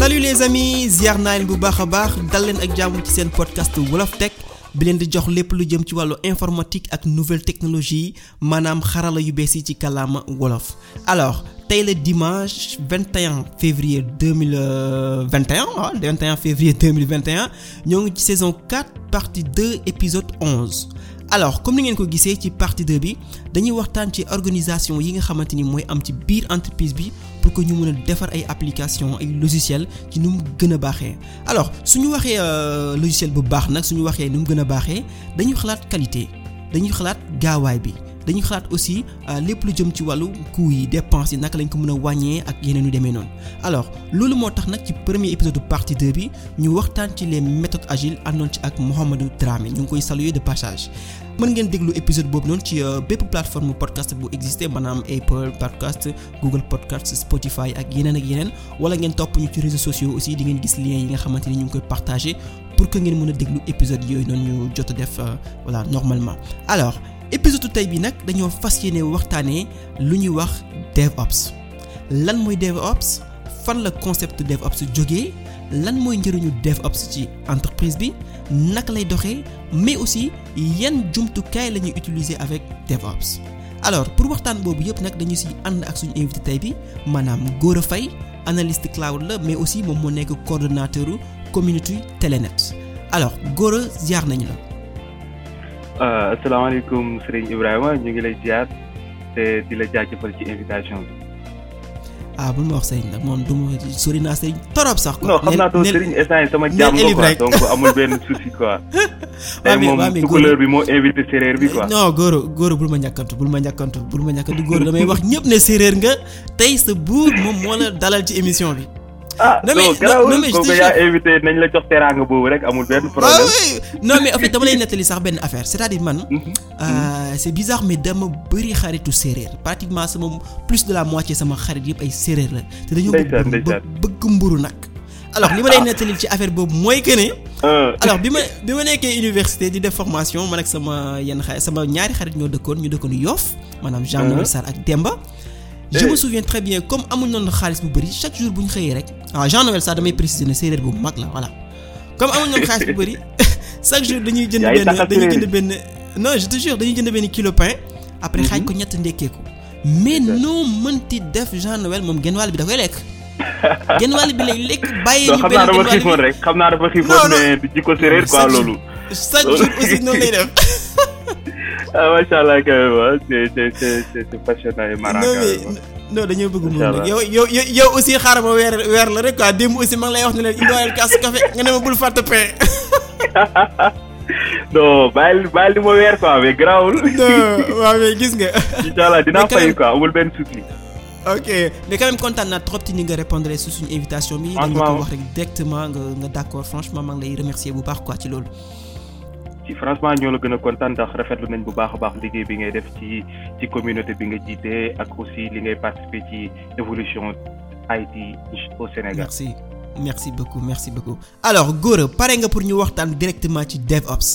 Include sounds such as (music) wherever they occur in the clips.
salut les amis ziar naa bu baax a baax dal leen ak jàmm ci seen podcast wolof teg bi leen di jox lépp lu jëm ci wàllu informatique ak nouvelle technologie maanaam xarala yu bees yi ci kàllaama wolof alors tey la dimanche 21 février 2021 waaw 21 février 2021 ñoo ngi ci saison 4 partie 2 épisode 11 alors comme ni ngeen ko gisee ci partie 2 bi dañuy waxtaan ci organisation yi nga xamante ni mooy am ci biir entreprise bi pour que ñu mën a defar ay application ay logiciel ci nu mu gën a baaxee alors suñu waxee euh, logiciel bu baax nag suñu waxee nu mu gën a baaxee dañuy xalaat qualité dañuy xalaat gaawaay bi dañuy xalaat aussi euh, lépp lu jëm ci wàllu coût yi dépenses yi naka lañ ko mën a wàññee ak yeneen yu demee noonu alors loolu moo tax nag ci premier épisode partie 2 bi ñu waxtaan ci les méthodes agiles àndoon ci ak Mouhamadou Dramé ñu ngi koy saluer de passage mën ngeen déglu épisode boobu noonu ci euh, bépp plateforme podcast bu existé maanaam Apple podcast Google podcast Spotify ak yeneen ak yeneen wala ngeen topp ñu ci réseaux sociaux aussi di ngeen gis lien yi nga xamante ni ñu ngi koy partagé pour que ngeen mën a déglu épisode yooyu noonu ñu jot a def euh, voilà normalement alors épisode tey bi nag dañoo fas yéene waxtaanee lu ñuy wax DevOps lan mooy DevOps fan la concept DevOps jógee lan mooy njëriñu DevOps ci entreprise bi naka lay doxee mais aussi yan jumtukaay la ñuy utiliser avec DevOps. alors pour waxtaan boobu yëpp nag dañu si ànd ak suñu invité tey bi maanaam Gora Faye analyste cloud la mais aussi moom moo nekk coordonnateur communauté Telenet alors Gora ziar nañu la. Euh, asalaamaaleykum Serigne Ibrahima ñu ngi lay ziar te di la jaajëfal ci invitation bi. ah bu ma wax Serigne nag moom du ma sori naa Serigne torop sax. quoi non xam naa toog Serigne instant sama jàmm nga quoi donc (laughs) amul benn souci quoi. moom tukulóor bi moo invité séeréer bi quoi. non góoro góoro bul ma ñàkkantu bul ma ñàkkantu bul ma ñàkkantu góoro damay wax ñëpp ne séeréer nga tey sa buur moom moo la dalal ci émission bi. ah non mais non mais je yaa invité nañ la jox teraanga boobu rek amul benn ah problème. non mais dama lay nettali sax benn affaire c'est-à-dire man. Mhm. Mhm. Euh, c'est bizarre mais dama bëri xaritu séeréer pratiquement sama plus de la moitié sama xarit yëpp ay séeréer la. te dañoo bëgg mburu nag. alors li ma lay nettali ci affaire boobu mooy que ne. Ah. bi ma bi ma nekkee université di def formation man ak sama yenn xarit sama ñaari xarit ñoo dëkkoon ñu dëkkoon Yoff maanaam Jean Noël ah. ak Demba. je eh. me très bien comme amuñ noonu xaalis bu bëri chaque jour bu ñu xëyee rek ah Jean Noël sax damay préciser séeréer bu mag la voilà comme amuñ noonu xaalis bu bëri (laughs) chaque jour dañuy jënd benn dañuy jënd benn non kilo pain après xaaj mhm. ko ñett ndekkee ko mais noo mënti def Jean Noël moom genn wàll bi da koy lekk genn wàll bi lay lekk bàyyi ñu benn genn bi xam naa dafa xiifoon rek xam naa dafa xiifoon mais ko séeréer loolu chaque jour aussi noonu lay def. ah macha allah kay ma c'est c'est c'est passionnant et marrant. non dañoo bëgg mu aussi xaaral ma weer weer la rek ah démb aussi ma lay wax ne leen indiwaayal kaas café nga ne ma bul fàtte pain. (laughs) non bàyyil bàyyil li ma weer quoi mais garaawul. (laughs) non waaw mais gis nga. incha allah dinaa fay quoi amul benn souci. ok mais quand même kontaan naa trop ci ni nga répondre su suñu invitation bi. dañu ko wax rek directement nga nga d'accord franchement maa ngi lay remercier bu baax quoi ci loolu. ci franchement ñoo la gën a kontaan ndax rafetlu nañ bu baax baax liggéey bi ngay def ci ci communauté bi nga jiite ak aussi li ngay participer ci évolution IT au Sénégal. merci merci beaucoup merci beaucoup alors Gora pare nga pour ñu waxtaan directement ci DevOps.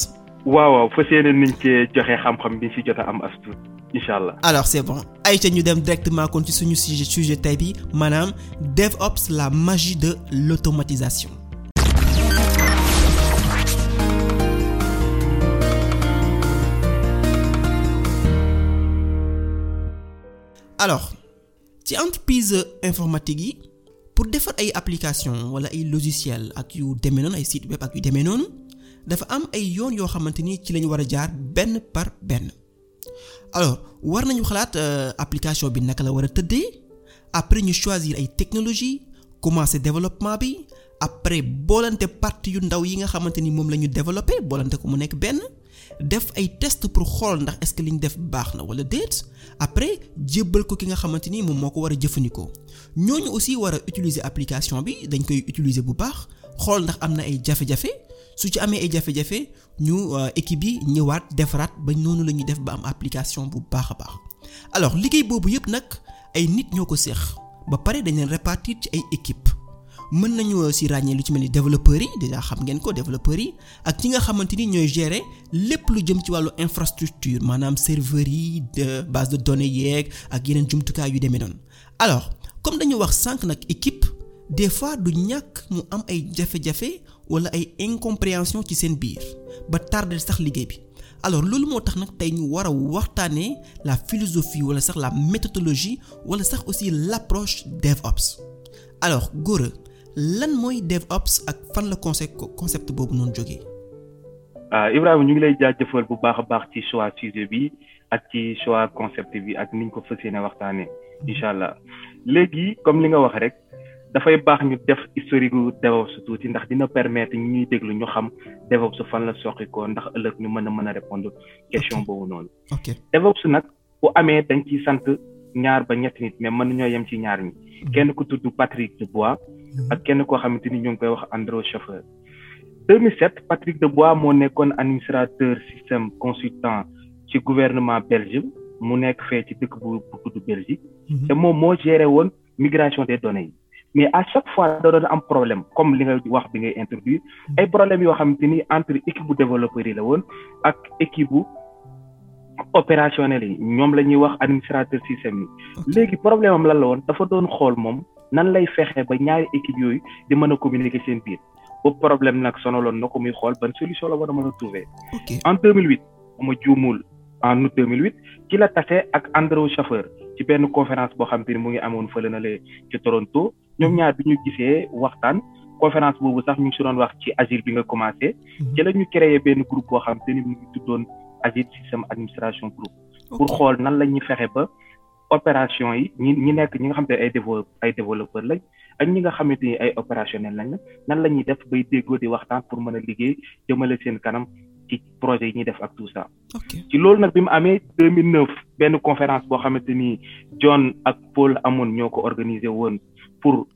waaw waaw fas yéene niñ cee joxe xam-xam bi ñu jot a am as tuut incha allah. alors c'est bon ayca ñu dem directement kon ci suñu sujet sujet tey bi maanaam DevOps la magie de l'automatisation alors ci entreprise informatique yi pour defar ay application wala ay logiciel ak yu demee noonu ay site web ak yu demee noonu dafa am ay yoon yoo xamante ni ci lañu war a jaar benn par benn alors war nañu xalaat euh, application bi naka la war a tëddee après ñu choisir ay technologie commencer développement bi après boolante partie yu ndaw yi nga xamante ni moom la ñu développé boolante ko mu nekk benn def ay test pour xool ndax est-ce que li ñu def baax na wala déet après jébbal ko ki nga xamante ni moom moo ko war a jëfandikoo ñooñu aussi war a utiliser application bi dañ koy utiliser bu baax xool ndax am na ay jafe-jafe su ci amee ay jafe-jafe ñu euh, équipe yi ñëwaat defaraat ba noonu la ñuy def ba am application bu baax a baax alors liggéey boobu yëpp nag ay nit ñoo ko seex ba pare dañ leen répartir ci ay équipe mën nañu aussi ràññee lu ci mel ni développeurs yi déjà xam ngeen ko développeurs ak ñi nga xamante ni ñooy gérer lépp lu jëm ci wàllu infrastructure maanaam serveurs yi de base de données yeeg ak yeneen jumtukaay yu demee noonu alors comme dañu wax sànq nag équipe des fois du ñàkk mu am ay jafe-jafe wala ay incompréhension ci seen biir ba tardel sax liggéey bi alors loolu moo tax nag tey ñu war a waxtaanee la philosophie wala sax la méthodologie wala sax aussi l'approche DevOps alors Gora lan mooy DevOps ak fan la concept boobu noonu jógee. ah Ibrahima ñu ngi lay jaajëfal bu baax a baax ci choix sujet bi ak ci choix concept bi ak niñ ko fas ne waxtaanee incha allah léegi comme li nga wax rek dafay baax ñu def historique gu DevOps tuuti ndax dina permettre ñu ñuy déglu ñu xam DevOps fan la soqikoo ndax ëllëg ñu mën a mën a répondre question boobu noonu. ok nag bu amee dañ ciy sant ñaar ba ñetti nit mais mën nañoo yem ci ñaar ñi. Mm-hmm. kenn ku tudd Mm-hmm. ak kenn koo xamante ni ñu ngi koy wax Andro Chauffeur 2007 Patrick Debois moo nekkoon administrateur système consultant ci gouvernement Belgique mu nekk fee ci dëkk bu bu Belgique mm-hmm. te moom moo géré woon migration des données yi mais à chaque fois la doon am problème comme li nga wax bi ngay introduire mm-hmm. ay problème yoo xamante ni entre équipe bu développeur la woon ak équipe bu opérationnel yi ñoom la ñuy wax administrateur système yi léegi problème am la woon dafa doon xool moom nan lay fexe ba ñaari équipe yooyu di mën a communiquer seen biir boobu problème nag sonaloon na ko muy xool ban solution la war a mën a trouver. en 2008 ma juumul en août 2008 ci la tase ak Andrew Schaffer ci benn conférence boo xam te mu ngi amoon fële na le Toronto ñoom ñaar bi ñu gisee waxtaan. conférence boobu sax ñu ngi si doon wax ci agile bi nga commencé. Mhm. ci la ñu benn groupe boo xam te ni mu ngi tuddoon agile système administration pour xool nan la ñuy fexe ba opération yi ñi ñi nekk ñi nga xamante ne ay dévo ay développeur lañ ak ñi nga xamante ni ay opérationnel lañ la nan la ñuy def bay déggoo di waxtaan pour mën a liggéey jëmale seen kanam ki projet yi ñuy def ak tout ça. ci loolu nag bi mu amee 2009 benn conférence boo xamante ni John ak Paul amoon ñoo ko organiser woon pour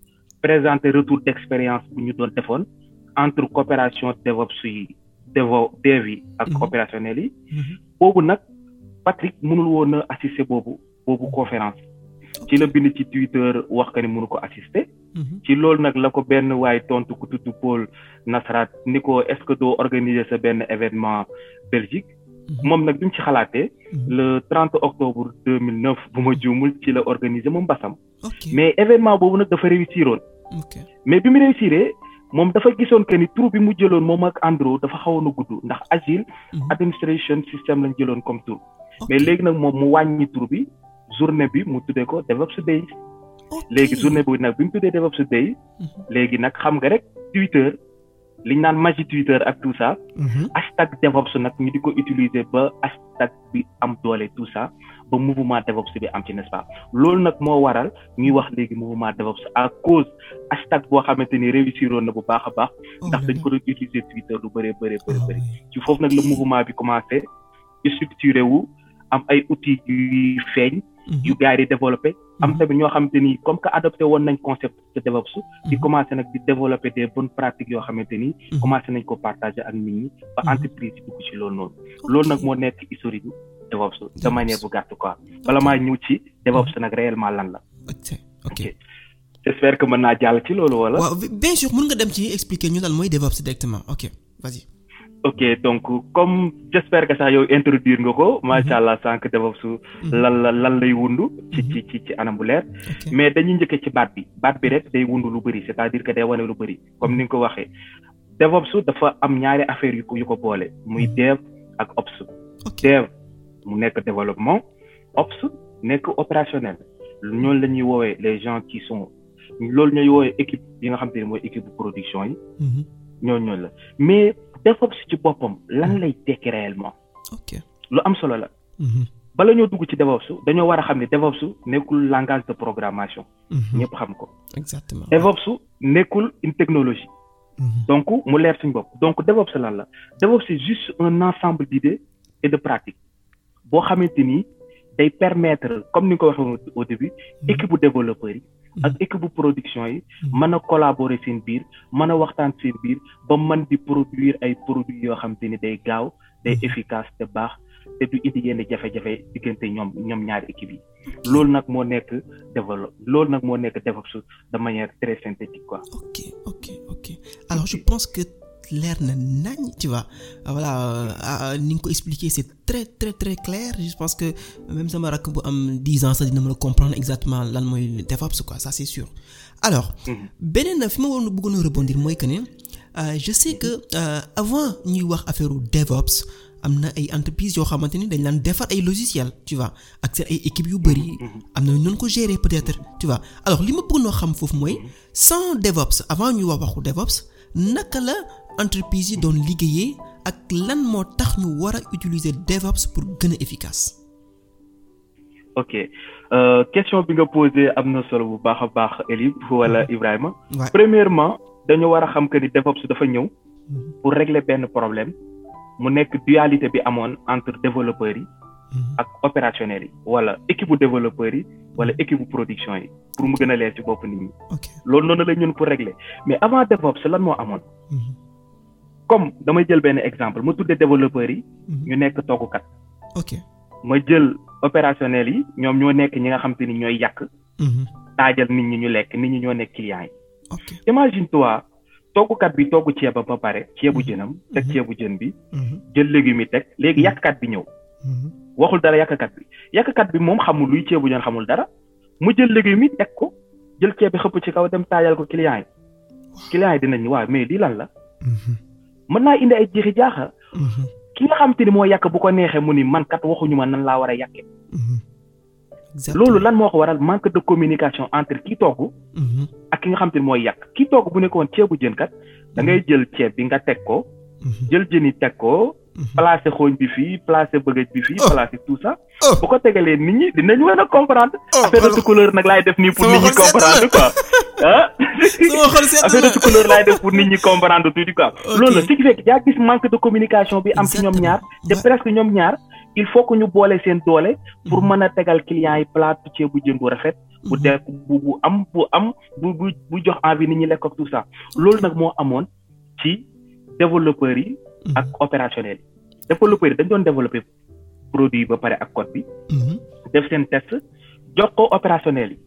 présenter retour d'expérience bu ñu doon defoon entre coopération DevOps yi dévo dev yi ak mhm. opérationnel yi. Mhm. boobu nag Patrick mënul woon assister boobu. boobu conférence ci la bind ci Twitter wax ka ni ko assister. Mhm. ci loolu nag la ko benn waaye tontu ku tudd Paul Nasrat ni ko est-ce que doo organiser sa benn événement Belgique. Mhm. moom nag bi mu ci xalaatee. Mhm. le 30 octobre 2009 bu ma juumul ci la organiser moom Bassam. mais événement boobu nag dafa réussiroon. mais bi mu réussiree moom dafa gisoon que ni tur bi mu jëloon moom ak Andro dafa xawoon a gudd ndax agile. administration system lañ jëloon comme tur. mais léegi nag moom mu wàññi tur bi. journée bi mu tuddee ko DevOps Day léegi journée bi nag bi mu tuddee DevOps Day mhm. léegi nag xam nga rek Twitter liñ naan magie Twitter ak tout ça mhm. hashtag DevOps nag ñu di ko utiliser ba hashtag bi am doole tout ça ba mouvement DevOps bi am ci n'est-ce pas loolu nag moo waral ñuy wax léegi mouvement DevOps à cause hashtag boo xamante ni réussir woon na bu baax a baax oh, ndax dañ ko doon utiliser Twitter lu bëree oh, bëri bëri bëri ci nag la mouvement bi commencé structuré Mhm. yu gars yi di développé am mhm. tamit ñoo xamante ni comme que adopté woon nañ concept de DevOps di mhm. commencé nag di développé des bonnes pratiques yoo xamante ni nañ ko partagé ak nit ñi ba entreprise yi ci loolu noonu loolu nag moo nekk historique bi DevOps de manière bu gàtt quoi bala maa ñëw ci DevOps nag réellement lan la ok j'espère que mën naa jàll ci loolu wala waaw bien sûr mën nga dem ci expliquer ñu lan mooy DevOps directement ok ok donc comme j'espère que sax yow introduire nga ko macha allah mhm. sànq dafa su mhm. lan la lan lay wundu ci mhm. ci ci anam bu leer mais dañuy njëkkee ci baat bi baat bi rek day wundu lu bëri c'est-à-dire que day wane lu bëri comme ni nga ko waxee DevOps dafa am ñaari affaire yu ko yu ko boole muy dev ak ops dev mu nekk développement ops nekk opérationnel ñooñu la ñuy woowee les gens qui sont loolu ñooy woowee équipe yi nga xam te ne mooy équipe bu production yi ñooñu la mais DevOps ci boppam lan ah. lay tekki réellement. lu am solo la. Mm-hmm. bala ñoo dugg ci DevOps dañoo war a xam ne DevOps nekkul langage de programmation. Mm-hmm. ñëpp xam ko. exactement DevOps nekkul une technologie. Mm-hmm. donc mu leer suñ bopp donc DevOps lan la DevOps c'est juste un ensemble d'idées et de pratique boo xamante ni. day permetre comme ni nga ko waxee au début mm-hmm. équipe bu développeur yi mm-hmm. ak équipe bu production yi mm-hmm. mën a collaborer seen biir mën a waxtaan seen biir ba man di produire ay produits yoo xam te ni day gaaw day efficace te baax te du indi yenn jafe-jafe diggante ñoom ñoom ñaari équipe yi loolu nag moo nekk développe loolu nag moo nekk DevOps de manière très synthétique quoi ok ok alors je pense que leer na nañ tu vois ah, voilà ah, ah, ni nga ko expliquer c'est très très très clair je pense que même sama rakk bu am dix ans sax dina mën a comprendre exactement lan mooy DevOps quoi ça c'est sûr alors mhm. beneen fi ma waroon bëggoon a rebondir mooy que ne euh, je sais que euh, avant ñuy wax affaire DevOps am na ay entreprises yoo xamante ni dañ daan defar ay logiciels tu vois ak seen ay équipes yu bari mhm. mhm. am na ñun ko gérer peut-être tu vois alors li ma bëgg noo xam foofu mooy sans DevOps avant ñuy wax waxu DevOps naka la entreprise yi doon liggéeyee ak lan moo tax ñu war a utiliser DevOps pour gën a efficace. ok euh, question bi nga posé am na solo bu baax a baax Elib wala mhm. Ibrahima. Ouais. premièrement dañu war a xam que ni DevOps dafa ñëw. Mhm. pour régler benn problème mu nekk dualité bi amoon entre développeurs yi. Mhm. ak opérationnels yi. wala équipe bu développeurs yi wala équipe bu production yi pour mu gën a leer ci bopp nit loolu noonu la ñun pour régler mais avant DevOps lan moo amoon. comme damay jël benn exemple ma tuddee développeurs yi. Mhm. ñu nekk toggukat. ok ma jël opérationnels yi ñoom ñoo nekk ñi nga xam te ni ñooy yàq. Mhm. taajal nit ñi ñu lekk nit ñi ñoo nekk clients yi. ok imagine toi toggukat bi togg ceebam ba pare ceebu mhm. jënam. teg ceebu jën bi. jël légumes yi teg léegi yàqkat bi ñëw. waxul dara yàqkat bi yàqkat bi moom xamul luy ceebu ñoon xamul dara mu jël légumes yi teg ko jël ceeb bi xëpp ci kaw dem taajal ko clients yi. clients yi dinañ waaw mais lii lan la. mën naa indi ay jiixi jaaxa. Mhm. ki nga xam te ni moo yàq bu ko neexee mu ni mankat kat waxuñu ma nan laa war a yàqee. Mhm. loolu lan moo ko waral manque de communication entre ki togg. Mhm. ak ki nga xam te ni mooy yàq ki togg bu nekkoon ceebu jën kat da ngay jël ceeb bi nga teg ko. jël jën teg ko Mhm. placer xooñ bi fii placer bëgëj bi fii oh. placer tout sax oh. bu ko tegalee nit ñi dinañ mën a comprendre. Oh, affaire de couleur nag laay def nii pour nit ñi comprendre quoi. (laughs) ah affaire de couleur def pour nit ñi comprendre tuuti loolu la ce yaa gis manque de communication bi am ci ñoom ñaar. te presque ñoom ñaar il faut que ñu boole seen doole. pour mhm. mën a tegal clients yi plaatu ceebu jën bu rafet. bu mhm. dee bu bu am bu am bu bu bu jox envie ni ñi lekk ak tout ça. loolu nag moo amoon ci développeurs yi. Mm-hmm. ak opérationnel yi développeur yi dañ doon développé produit ba pare ak code bi mm-hmm. def seen test jox ko opérationnel yi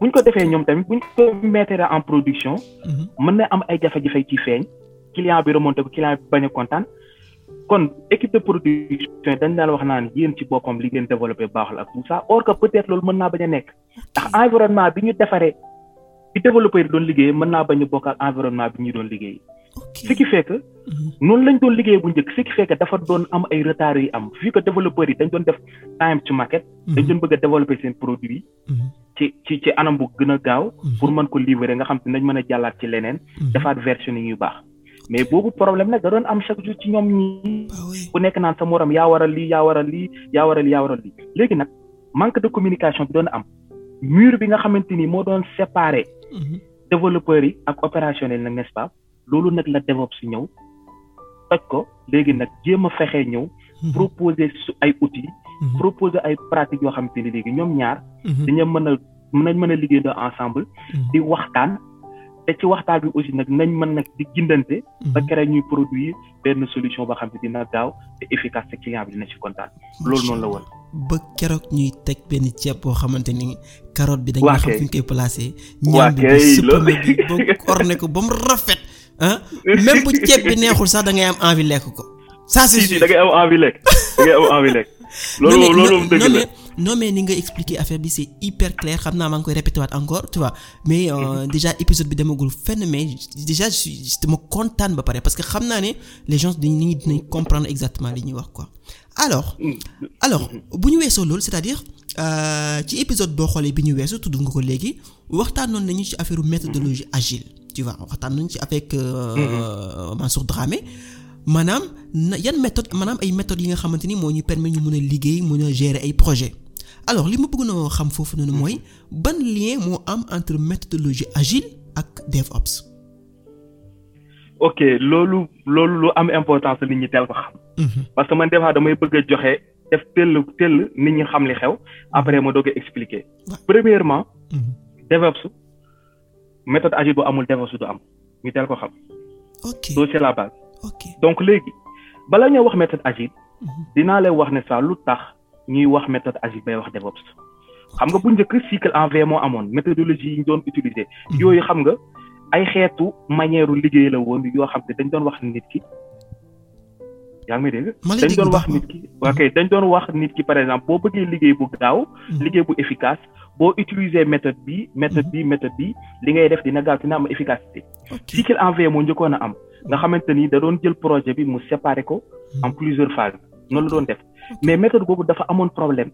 buñ ko defee ñoom tamit buñ ko mettre en production mm-hmm. mën na am ay jafe-jafe ci feeñ client bi remonté ko client bi bañ a kontaan kon équipe de production dañ daan wax naan yéen ci boppam li ngeen développé baaxul ak tout ça or que peut-être loolu mën naa bañ a nekk ndax environnement bi ñu defaree bi développeur doon liggéey mën naa bañ a bokk bi ñu doon liggéey ce qui fait que mm-hmm. noonu lañ doon liggéey bu njëkk ce qui fait que dafa doon am ay retards yu am vu que développeurs yi dañ doon def time to market mm-hmm. dañ doon bëgg a développer seen produit mm-hmm. ci ci ci anam bu gën a gaaw pour mën ko livrer nga xam te nañ mën a jàllaat ci leneen defaat version yi yu baax mais boobu problème nag da doon am chaque jour ci ñoom ñi ah ku nekk naan sa moroom yaa waral lii yaa waral lii yaa waral yaa waral lii léegi nag manque de communication doon am mur bi nga xamante ni moo doon séparer développeurs yi ak opérationnel nag n'est-ce loolu nag la si ñëw toj ko léegi nag jéem a fexe ñëw mhm. proposer su ay outils mhm. proposer ay pratiques yoo xamante ni léegi ñoom ñaar mhm. dañu mën a nañ mën a liggéey liggéeyandoo ensemble di waxtaan te ci waxtaan bi aussi nag nañ mën nag di gindante ba kere ñuy produire benn solution boo xam ne dina gaaw te efficace te client bi dina ci kontaan loolu noonu la woon ba keroog ñuy teg benn ceeb boo xamante ni carotte bi dañ xam fi ñu koy placé ñaam bi suppame bi ba orne ko ba mu rafet ah même bu ceeb bi neexul sax da ngay am envie lekk ko. ça c'est sûr da am envie lekk da (laughs) loolu loolu moom la non mais ni nga expliquer affaire bi c'est hyper clair xam naa maa ngi koy répété waat encore tu vois mais euh, mhm. déjà bi demagul fenn mais déjà je kontaan ba pare parce que xam naa ne les gens ngi dinañ comprendre exactement li ñuy wax quoi. alors mm. alors mm-hmm. bu ñu weesoo loolu c'est-à-dire euh, ci épisode boo xoolee bi ñu weesu tudd nga ko léegi waxtaanoon nañu ci affaire méthodologie agile. tu vois waxtaan nañ ci avec. Euh, mm-hmm. Mansour Dramé. maanaam na yan méthode maanaam ay méthodes yi nga xamante ni moo ñu permettre ñu mën a liggéey mën a gérer ay projet alors li ma bëgg noo xam foofu noonu mm-hmm. mooy ban lien moo am entre méthodologie agile ak DevOps. ok loolu loolu lu am importance nit ñu teel ko xam. Mm-hmm. parce que man des fois damay bëgg a joxe def teel teel nit ñi xam li xew après ma doog a expliquer. premièrement. méthode agile bu amul DevOps du am ñu teel ko xam. ok loolu c'est la base. donc léegi bala ñoo wax méthode agile. Mhm. dinaa lay wax ne sax lu tax ñuy wax méthode agile bay wax DevOps. xam nga bu njëkk cycle en V moo amoon méthodologie yi ñu doon utiliser. Mhm. yooyu xam nga ay xeetu manière liggéey la woon yoo xam te dañ doon wax nit ki. yaa ngi may dégg dañ wax nit ki. ok dañ doon wax nit ki par exemple boo bëggee liggéey bu daaw mhm. liggéey bu efficace boo utiliser méthode bi méthode mhm. bi méthode bi li ngay def dina gaaw dina am efficacité cycle en V moo njëkkoon a am nga xamante ni da doon jël projet bi mu séparer ko mhm. en plusieurs phases noonu la doon def mais méthode boobu dafa amoon problème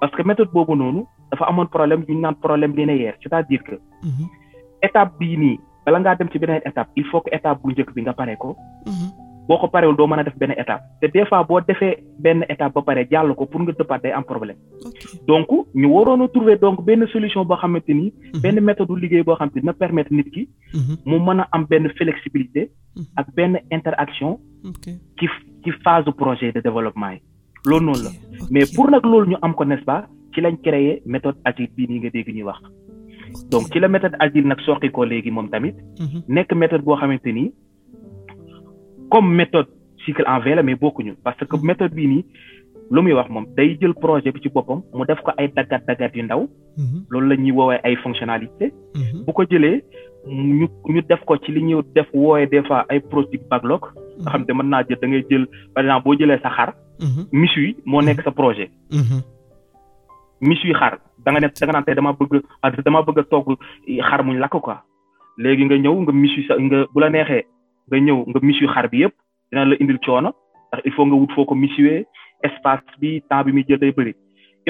parce que méthode boobu noonu dafa amoon problème ñu naan problème linéaire c'est-à-dire que mhm. étape bii nii bala ngaa dem ci beneen étape il faut que étape bu njëkk bi nga pare ko boo ko parewul doo mën a def benn étape te des boo defee benn étape ba pare jàll ko pour nga tëppaat day am problème donc ñu waroon a trouver donc benn solution boo xamante ni mhm. benn méthode liggéey boo xamante ni na permettre nit ki mhm. mu mën a am benn flexibilité mhm. ak benn interaction ci ci phase projet de développement yi lool noonu la mais pour nag loolu ñu am ko n'est-ce pas ci lañ créer méthode agile bii nii nga dégg ñuy wax donc ci la méthode agile nag soqi ko léegi moom tamit nekk xamante ni comme méthode cycle en V la mais bokkuñu parce que hmm. méthode bii nii lu muy wax moom day jël projet bi ci boppam mu def ko ay daggat daggat yu ndaw. Hmm. loolu la ñuy woowee ay fonctionnalité hmm. bu ko jëlee ñu ñu def ko ci li ñuy def woowee de fois ay project backlog. nga xam te mën naa jël da ngay jël par boo jëlee sa xar. miss yi moo nekk sa projet. misu yi xar danga nga ne dama bëgg a dama bëgg a togg xar muñ lakk quoi léegi nga ñëw nga misu sa nga bu la neexee. nga ñëw nga misiw xar bi yëpp dina la indil coono ndax il faut nga wut foo ko misiwee espace bi temps bi muy jël day bëri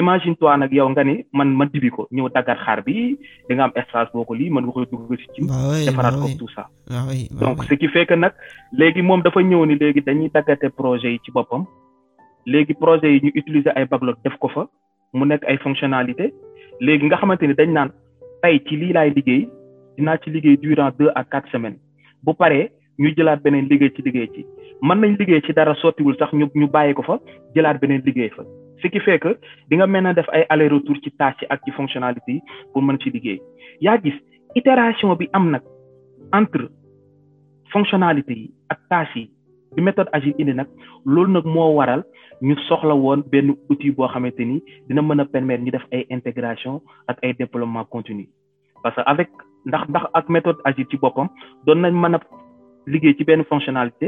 imagine toi nag yow nga ni man ma dibi ko ñëw daggat xaar bi da nga am espace boo ko lii mën nga koy dugg ci cim defaraat ko tout ça donc ce qui fekke que nag léegi moom dafa ñëw ni léegi dañuy daggate projet yi ci boppam léegi projet yi ñu utiliser ay backlog def ko fa mu nekk ay fonctionnalité léegi nga xamante ni dañ naan tey ci lii laay liggéey dinaa ci liggéey durant deux à quatre bu paree ñu jëlaat beneen liggéey ci liggéey ci mën nañ liggéey ci dara sottiwul sax ñu ñu bàyyi ko fa jëlaat beneen liggéey fa ce qui fait que di nga mën a def ay aller retour ci tâche ak ci fonctionnalité yi pour mën ci liggéey yaa gis itération bi am nag entre fonctionnalité yi ak tâche yi bi méthode agile indi nag loolu nag moo waral ñu soxla woon benn outil boo xamante ni dina mën a permettre ñu def ay intégration ak ay développement continu parce que avec ndax ndax ak méthode agile ci boppam doon mën liggéey ci benn fonctionnalité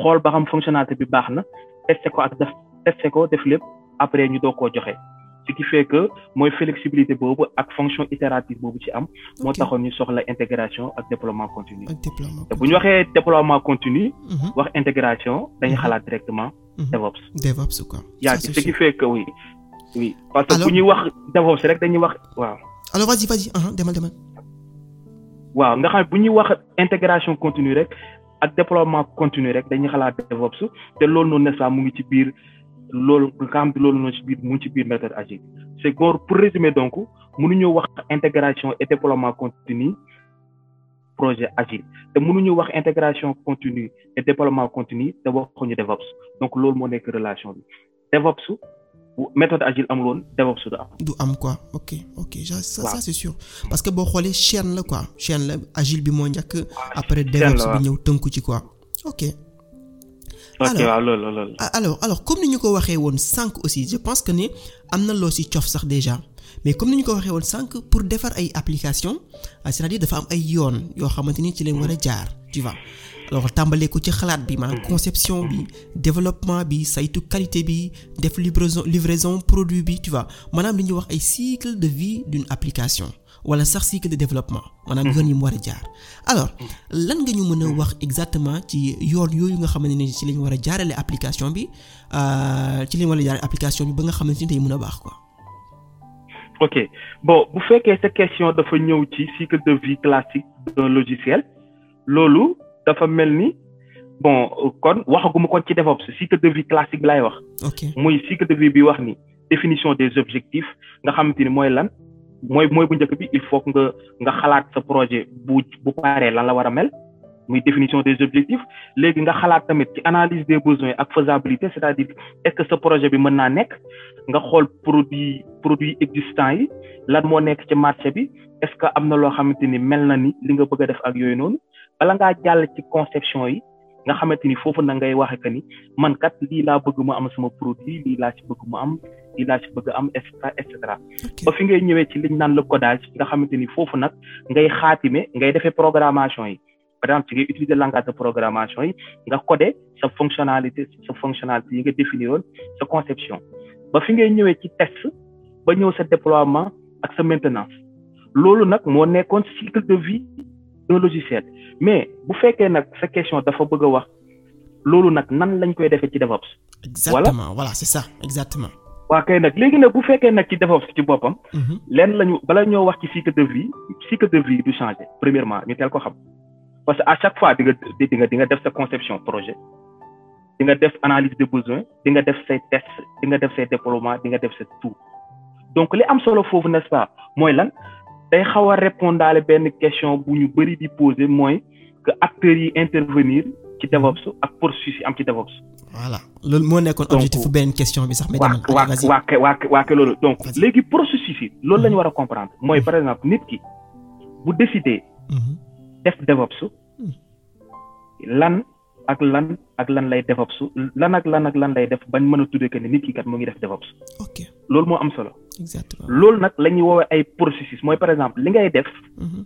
xool ba xam fonctionnalité bi baax na testé ko def testé ko def après ñu doog koo joxe ce qui fait que mooy flexibilité boobu ak fonction itérative boobu ci am moo taxoon ñu soxla intégration ak déploiement continu te bu ñu waxee déploiement continue mhm. wax intégration dañuy mhm. xalaat directement mhm. DevOps DevOps quoi yaa ce qui fait que oui oui parce que bu ñuy wax DevOps rek dañuy wax waaw alors vas-y vas uh-huh, demal demal waaw nga xam bu ñuy wax intégration continue rek ak développement continu rek dañuy xalaat DevOps te loolu noonu n'est-ce mu ngi ci biir loolu nga xam te loolu noonu ci biir mu ci biir méthode agile c'est góor pour résumer donc mënuñu wax intégration et déploiement continu projet agile te mënuñu wax intégration continue et déploiement continu te waxuñu DevOps donc loolu moo nekk relation bi DevOps méthode agile amul woon DevOps du am. du ok ok ça ça, wow. ça parce que boo xoolee chaîne la quoi chaîne la agile bi moo njëkk après DevOps bi ñëw tënku ci quoi ok. ok waaw loolu loolu alors alors comme ni ñu ko waxee woon sànq aussi je pense que ni am na loo si cof sax déjà mais comme ni ñu ko waxee woon sànq pour defar ay application ah, c'est-à-dire dafa am ay yoon yoo xamante ni ci leen war a jaar tu vois. alors tàmbalee ko ci xalaat bi maanaam mm-hmm. conception bi mm-hmm. développement bi saytu qualité bi def livraison livraison produit bi tu vois maanaam li ñuy wax ay cycle de vie d'une application wala sax cycle de développement maanaam yoon yi mu war a jaar mm-hmm. alors lan nga ñu mën a wax exactement ci yoon yooyu nga xamante ne ci lañ war a jaarale application bi euh, ci lañ war a jaarale application bi ba nga xamante ni day mën a baax quoi ok bon bu fekkee sa question dafa ñëw ci cycle de vie loolu dafa mel ni bon euh, kon waxaguma ko ci DevOps cycle de vie classique bi laay wax. muy cycle de wax ni définition des objectifs nga xamante ni mooy lan mooy mooy bu njëkk bi il faut nga nga xalaat sa projet bu bu paree lan la war a mel. muy définition des objectifs léegi nga xalaat tamit ci analyse des besoins ak faisabilité c'est-à-dire est-ce que sa projet bi mën naa nekk nga xool produits produit existant yi lan moo nekk ci marché bi est-ce que am na loo xamante ni mel na ni li nga bëgg a def ak yooyu noonu bala ngaa jàll ci conception yi nga xamante ni foofu na ngay waxe que ni man kat lii la bëgg mu am sama produit lii laa ci bëgg mu am lii laa ci bëgg am et cetera et cetera ba fi ngay ñëwee ci liñ naan le nga xamante ni foofu nag ngay xaatime ngay defee programmation yi par exemple ci programmation yi nga codé sa fonctionnalité sa fonctionnalité yi nga définir woon sa conception ba fi ngay ñëwee ci test ba ñëw sa déploiement ak sa maintenance loolu nag moo nekkoon cycle de vie un logiciel mais bu fekkee nag sa question dafa bëgg a wax loolu nag nan lañ koy defee ci DevOps. exactement voilà c'est ça exactement. waa kay nag léegi nag bu fekkee nag ci DevOps ci boppam. Mhm. lenn lañu bala ñoo wax ci cycle de vie cycle de vie du changer premièrement ñu teel ko xam parce que à chaque fois di nga di nga di nga def sa conception projet di nga def analyse de besoin di nga def say tests di nga def say déploiement di nga def sa tout donc li am solo foofu day xaw a répondre benn question bu ñu bëri di poser mooy que acteurs yi intervenir ci DevOps ak pour yi am ci DevOps. voilà loolu moo nekkoon objectif benn question bi sax. mais demal vas-y waa waa waa waa loolu donc léegi processus yi. loolu lañu ñu war a comprendre mooy par exemple nit ki bu décider. Mhm. def DevOps mhm. lan. ak lan ak lan lay DevOps lan ak lan ak lan lay def bañ mën a tuddee que ne nit ki kat mu ngi def DevOps. ok loolu moo am solo. exactement loolu nag la ñuy woowee ay processus mooy par exemple li ngay def. Mm-hmm.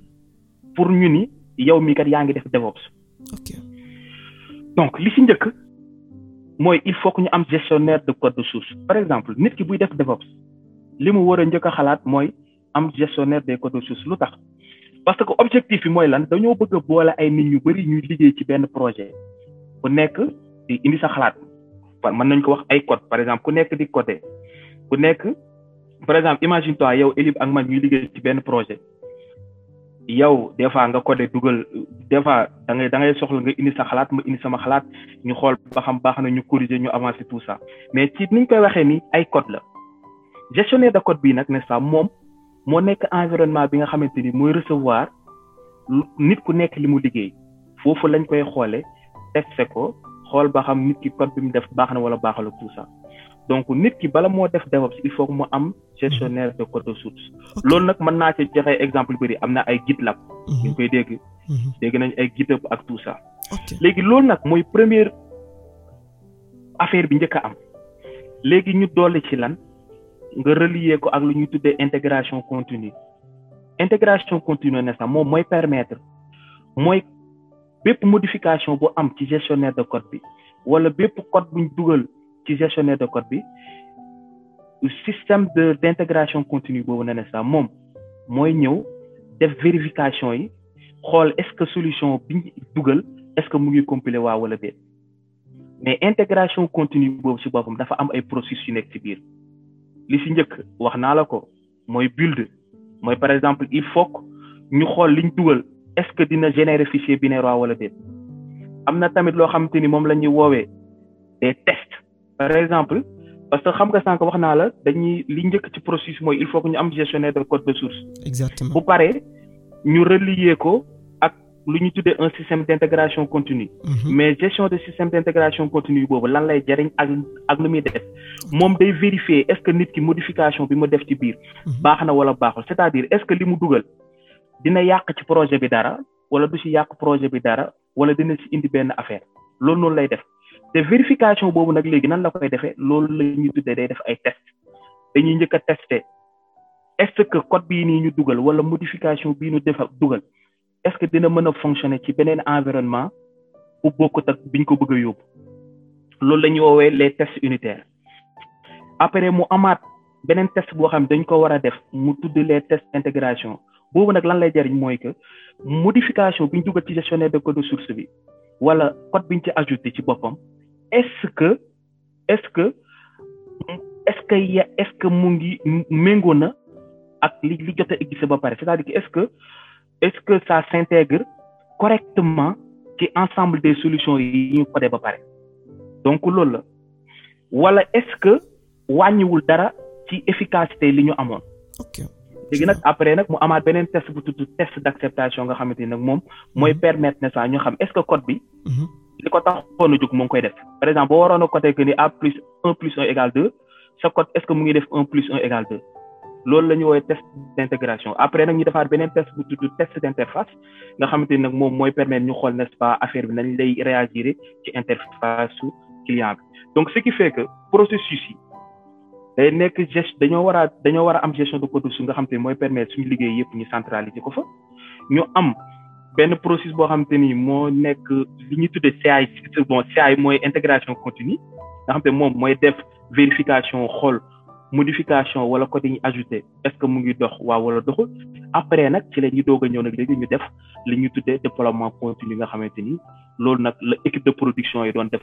pour ñu ni yow mii kat yaa ngi def DevOps. donc li ci njëkk mooy il faut que ñu am gestionnaire de code de source par exemple nit ki buy def DevOps li mu war a njëkk xalaat mooy am gestionnaire des codes de source lu tax parce que objectif bi mooy lan dañoo bëgg a ay nit ñu bari ñuy liggéey ci benn projet. ku nekk di indi sa xalaat mën nañ ko wax ay code par exemple ku nekk di côté ku nekk par exemple imagine toi yow Elib ak man ñuy liggéey ci benn projet yow des fois nga codé dugal des fois da ngay da ngay soxla nga indi sa xalaat ma indi sama xalaat ñu xool ba xam na ñu corriger ñu avancer tout ça mais ci niñ koy waxe ni ay code la gestionnaire de code bii nag n'est-ce moom moo nekk environnement bi nga xamante ni mooy recevoir nit ku nekk li mu liggéey foofu lañ koy xoolee testé ko xool ba xam nit ki code bi mu def baax na wala baaxalu tout ça donc nit ki bala moo def DevOps il faut que mu am gestionnaire de code source loolu nag mën naa ci joxe exemple bëri am na ay GitLab mhm. ñu koy dégg mhm. dégg nañu ay GitHub ak tout ça léegi loolu nag mooy première affaire bi njëkk a am léegi ñu doole ci lan nga relier ko ak lu ñuy tuddee intégration continue intégration continue ne sax moom mooy permettre mooy bépp modification bu am ci gestionnaire de code bi wala bépp code buñ dugal ci gestionnaire de code bi système de d' intégration continue boobu na ne sax moom mooy ñëw def vérification yi xool est ce que solution biñ dugal est ce que mu ngi compiler waa wala déet mais intégration continue boobu si boppam dafa am ay processus yu nekk ci biir li si njëkk wax naa la ko mooy build mooy par exemple il faut ñu xool liñ dugal est-ce que dina générer fichier binaire wala déet am na tamit loo xamante ni moom la ñuy woowee des tests par exemple parce que xam nga sànq wax naa la dañuy li njëkk ci processus mooy il faut que ñu am gestionnaire de code de source. exactement bu paree ñu relier ko ak lu ñu tuddee un système d'intégration continue. Mhm. mais gestion de système d'intégration continue boobu lan lay jariñ ak ak lu muy def moom day vérifier est-ce que nit ki modification bi mu def ci biir. Mhm. baax na wala baaxul c'est-à-dire est-ce mu dugal. dina yàq ci projet bi dara wala du si yàq projet bi dara wala dina ci indi benn affaire loolu noonu lay def te vérification boobu nag léegi nan la koy defee loolu la ñuy day def ay test dañuy njëkk a testé est-ce que code bii nii ñu dugal wala modification bii ñu defa dugal est-ce que dina mën a fonctionner ci beneen environnement bu bokkut ak ñu ko bëgg a yóbbu loolu la ñuy woowee les tests unitaires après mu amaat beneen test boo xam dañ ko war a def mu tudd les tests intégration boobu nag lan lay jariñ mooy que modification bi ñu dugal ci gestionnaire de code source bi wala code bi ñu ci ajouté ci boppam est-ce que est-ce que est-ce que ya est-ce que mu ngi méngoo na ak li li jot a existé ba pare c'est-à-dire que est-ce que est-ce que ça s'intègre correctement ci ensemble des solutions yi ñu codé ba pare donc loolu la wala est-ce que wàññiwul dara ci efficacité li ñu amoon. léegi nag après nag mu amaat beneen test bu test d'acceptation nga xamante ni moom mooy mm-hmm. permettre ne sax ñu xam est-ce que code bi mm-hmm. li ko taxoon a jóg mu ngi koy def par exemple boo waroon a côté que ni A plus un plus un égale deux sa code est-ce que mu ngi def un plus un égale deux loolu la ñu woowee test d'intégration après nag ñu defaat beneen test bu tudd test d'interface nga xamante ni nag moom mooy ñu xool n'est-ce pas affaire bi nañ lay réagir ci interface day eh, nekk gest dañoo war a dañoo war a am gestion de production nga xam te ni mooy permettre suñu liggéey yëpp ñu centraliser ko fa ñu am benn processus boo xam te ni moo nekk li ñuy tuddee CI bon CI mooy intégration continue nga xam moom mooy def vérification xool modification wala côté ñu ajouté est-ce que mu ngi dox waaw wala doxul après nag ci la ñu doog a ñëw nag léegi ñu def li ñu tuddee déploiement continu nga xamante ni loolu nag la équipe de production yi doon def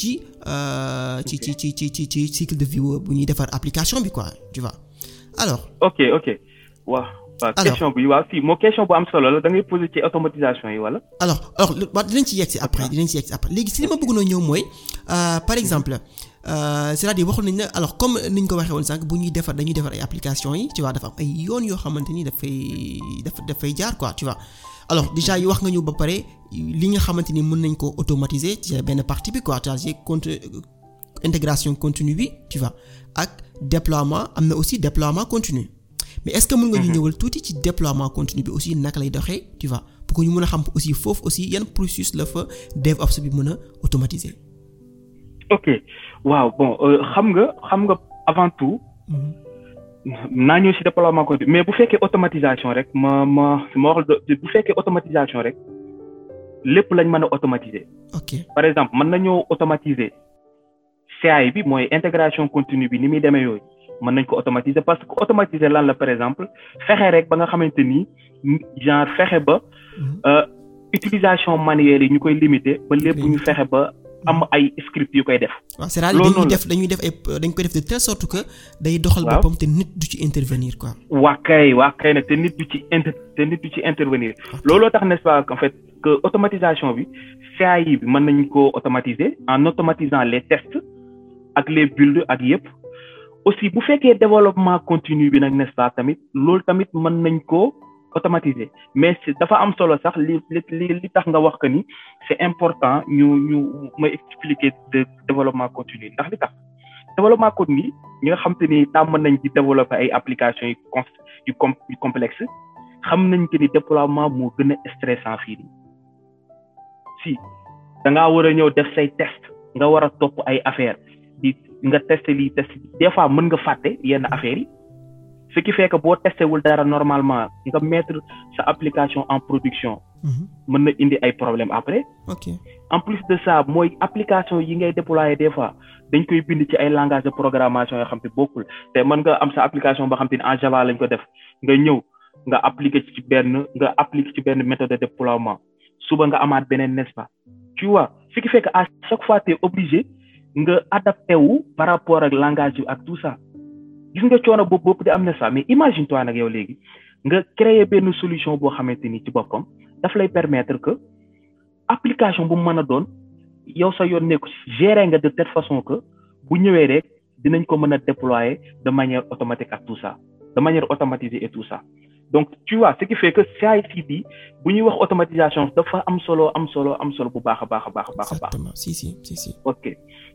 ci euh, ci ci ci ci ci ci cycle de vie bu ñuy defar application bi quoi tu vois alors. ok ok waaw. waaw question bi waaw fii moo question bu am solo la da ngay poser ci automatisation yi wala. alors alors dinañ ci yegg si après ah. dinañ ci yegg si après léegi si li ma bëgg noo ñëw mooy euh, par exemple. Euh, c'est-à-dire waxoon nañ ne alors comme ni ñu ko waxee woon sànq bu ñuy defar dañuy defar ay applications yi tu vois dafa am ay yoon yoo xamante ni dafay dafay jaar quoi tu vois. alors déjà yi wax nga ñu ba pare li nga xamante ni mën nañ ko automatiser ci benn partie bi quoi chargé compte euh, intégration continue bi tu vois ak déploiement am na aussi déploiement continu mais est-ce que mën nga ñu mhm. ñëwal tuuti ci déploiement continu bi aussi naka lay doxe tu vois pour que ñu mën a xam aussi foofu aussi yan processus la fa DevOps bi mën a automatiser. ok waaw bon euh, xam nga xam nga avant tout. Mhm. naa ñëw si déploiement continu mais bu fekkee automatisation rek ma ma ma wax bu fekkee automatisation rek lépp lañ mën a automatiser. par exemple mën nañoo automatiser CI bi mooy intégration continue bi ni muy demee yooyu mën nañ ko automatiser parce que automatiser lan la par exemple fexe rek ba nga xamante ni genre fexe ba mhm. euh, utilisation manuelle yi ñu koy limiter ba lépp fexe ba. am ay script yu koy def. waaw c'est-à-dire dañuy def dañuy def ay dañ koy def de telle sorte que. day doxal boppam te nit du ci intervenir quoi. waa kay waa kay nag te nit du ci inter te nit du ci intervenir. looloo tax n'est-ce pas en fait que automatisation bi CAI bi mën nañ ko automatiser en automatisant les tests ak les builds ak yëpp. aussi bu fekkee développement continu bi nag nest tamit loolu tamit mën nañ ko. automatisé mais dafa am solo sax li li li tax nga wax que ni c'est important ñu ñu may expliquer de développement continu ndax li tax développement continu ñi nga xam te ni tàmm nañ di développer ay application yu con yu com complexe xam nañ que ni déploiement moo gën a stressant fii nii si da ngaa war a ñëw def say test nga war a topp ay affaires di nga test lii test des fois mën nga fàtte yenn affaires yi. ce qui fait que boo wul dara normalement nga mettre sa application en production. Mhm. mën na indi ay problème après. ok en plus de sa mooy application yi ngay déployer des fois dañ koy bind ci ay langage de programmation yoo xam te bokkul te mën nga am sa application boo xam te ni en Java lañ ko def nga ñëw nga appliquer ci benn nga appliquer ci benn méthode de déploiement suba nga amaat beneen n'est-ce pas. tu vois ce qui fekk que à chaque fois tu es nga adapté wu par rapport ak langage bi ak tout ça. gis nga coono boobu bopp di am na sax mais imagine toi nag yow léegi nga créer benn solution boo xamante ni ci boppam daf lay permettre que application bu mu mën a doon yow sa yoon nekku ci gérer nga de telle façon que bu ñëwee rek dinañ ko mën a déployer de manière automatique ak tout ça de manière automatisée et tout ça donc tu vois ce qui fait que ci bi bu ñuy wax automatisation dafa am solo am solo am solo bu baax a baax a baax a baax. exactement si si si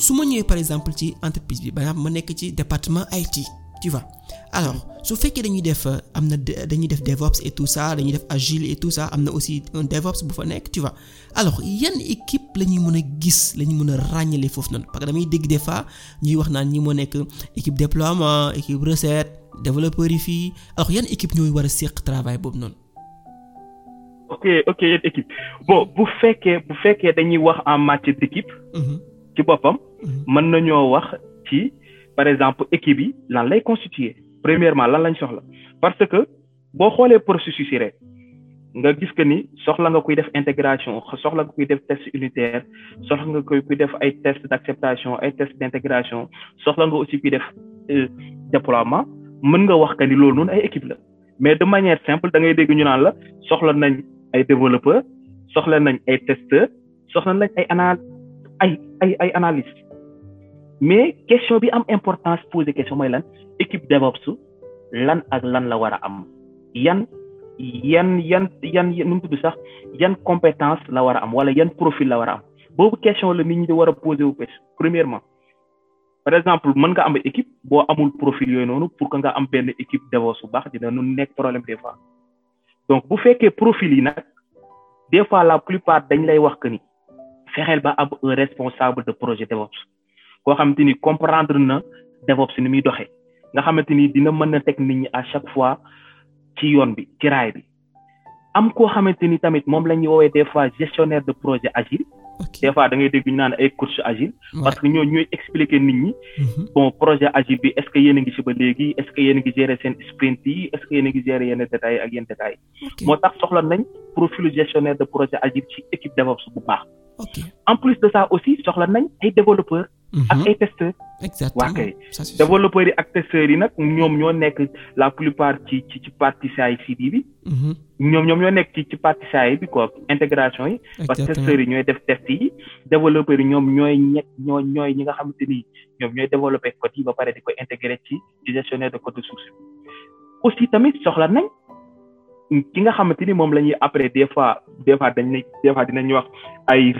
su ma ñëwee par exemple ci entreprise bi par ma nekk ci département IT tu vois alors su fekkee dañuy def euh, am na dañuy def DevOps et tout ça dañuy def agile et tout sax am na aussi un DevOps bu fa nekk tu vois alors yan équipe la ñuy mën a gis la ñuy mën a ràññale foofu noonu parce que damay dégg des ñuy wax naan ñi moo nekk équipe déploiement équipe recette développeur yi fii alors yan équipe ñooy war a séq travail boobu noonu. ok ok yan équipe bon bu fekkee bu fekkee dañuy wax en matière d'équipe. Mm-hmm. ci boppam. Mhm. mën ñoo wax ci par exemple équipe yi lan lay constituer premièrement lan lañ soxla parce que boo xoolee processus yi rek nga gis que ni soxla nga koy def intégration soxla nga kuy def test unitaire soxla nga koy kuy def ay test d'acceptation ay test d'intégration soxla nga aussi kuy def euh, déploiement mën nga wax que ni loolu noonu ay équipe la mais de manière simple dangay ngay dégg ñu naan la soxla nañ ay développeurs soxla nañ ay testeurs soxla nañ ay ana ay ay ay mais question bi am importance poser question mooy lan équipe DevOps lan ak lan la war a am yan yan yan yan nu mu tudd sax yan compétence la war a am wala yan profil la war a am boobu question la nit ñi di war a poser wu premièrement par exemple mën nga am équipe boo amul profil yooyu noonu pour que nga am benn équipe DevOps bu baax na nu nekk problème des fois donc bu fekkee profil yi nag des fois la plupart dañ lay wax que ni fexeel ba am un responsable de projet DevOps koo xamante ni comprendre na DevOps ni muy doxee nga xamante ni dina mën na teg nit ñi à chaque fois ci yoon bi ci raay bi am koo xamante ni tamit moom la ñuy woowee des fois gestionnaire de projet agile des fois da ngay dégg ñu naan ay coach agile parce que ñoo ñooy expliquer nit ñi mhm. bon projet agile bi est ce que yéen ngi si ba léegi est ce que yéen a ngi gérer seen sprint yi est ce que yéen a ngi gérer yenn détails moo tax soxla nañ profil gestionnaire de projet agile ci équipe DevOps bu baax ok en plus de ça aussi soxla nañ ay développeurs. ak mhm. ay testeurs. exactement waa kay développeurs yi ak testeurs yi nag ñoom ñoo nekk la plupart ci ci ci partie saa yi CD bi. Mhm. ñoom ñoom ñoo nekk ci ci partie saa yi bi quoi intégration yi. parce que testeurs yi ñooy def test yi. développeurs yi ñoom ñooy ñe ñoo ñooy ñi nga xamante ni ñoom ñooy développé code yi ba pare di ko intégré ci ci gestionnaire de code source aussi tamit soxla nañ. ki nga xamante ni moom la ñuy après des fois des fois dañ ne ay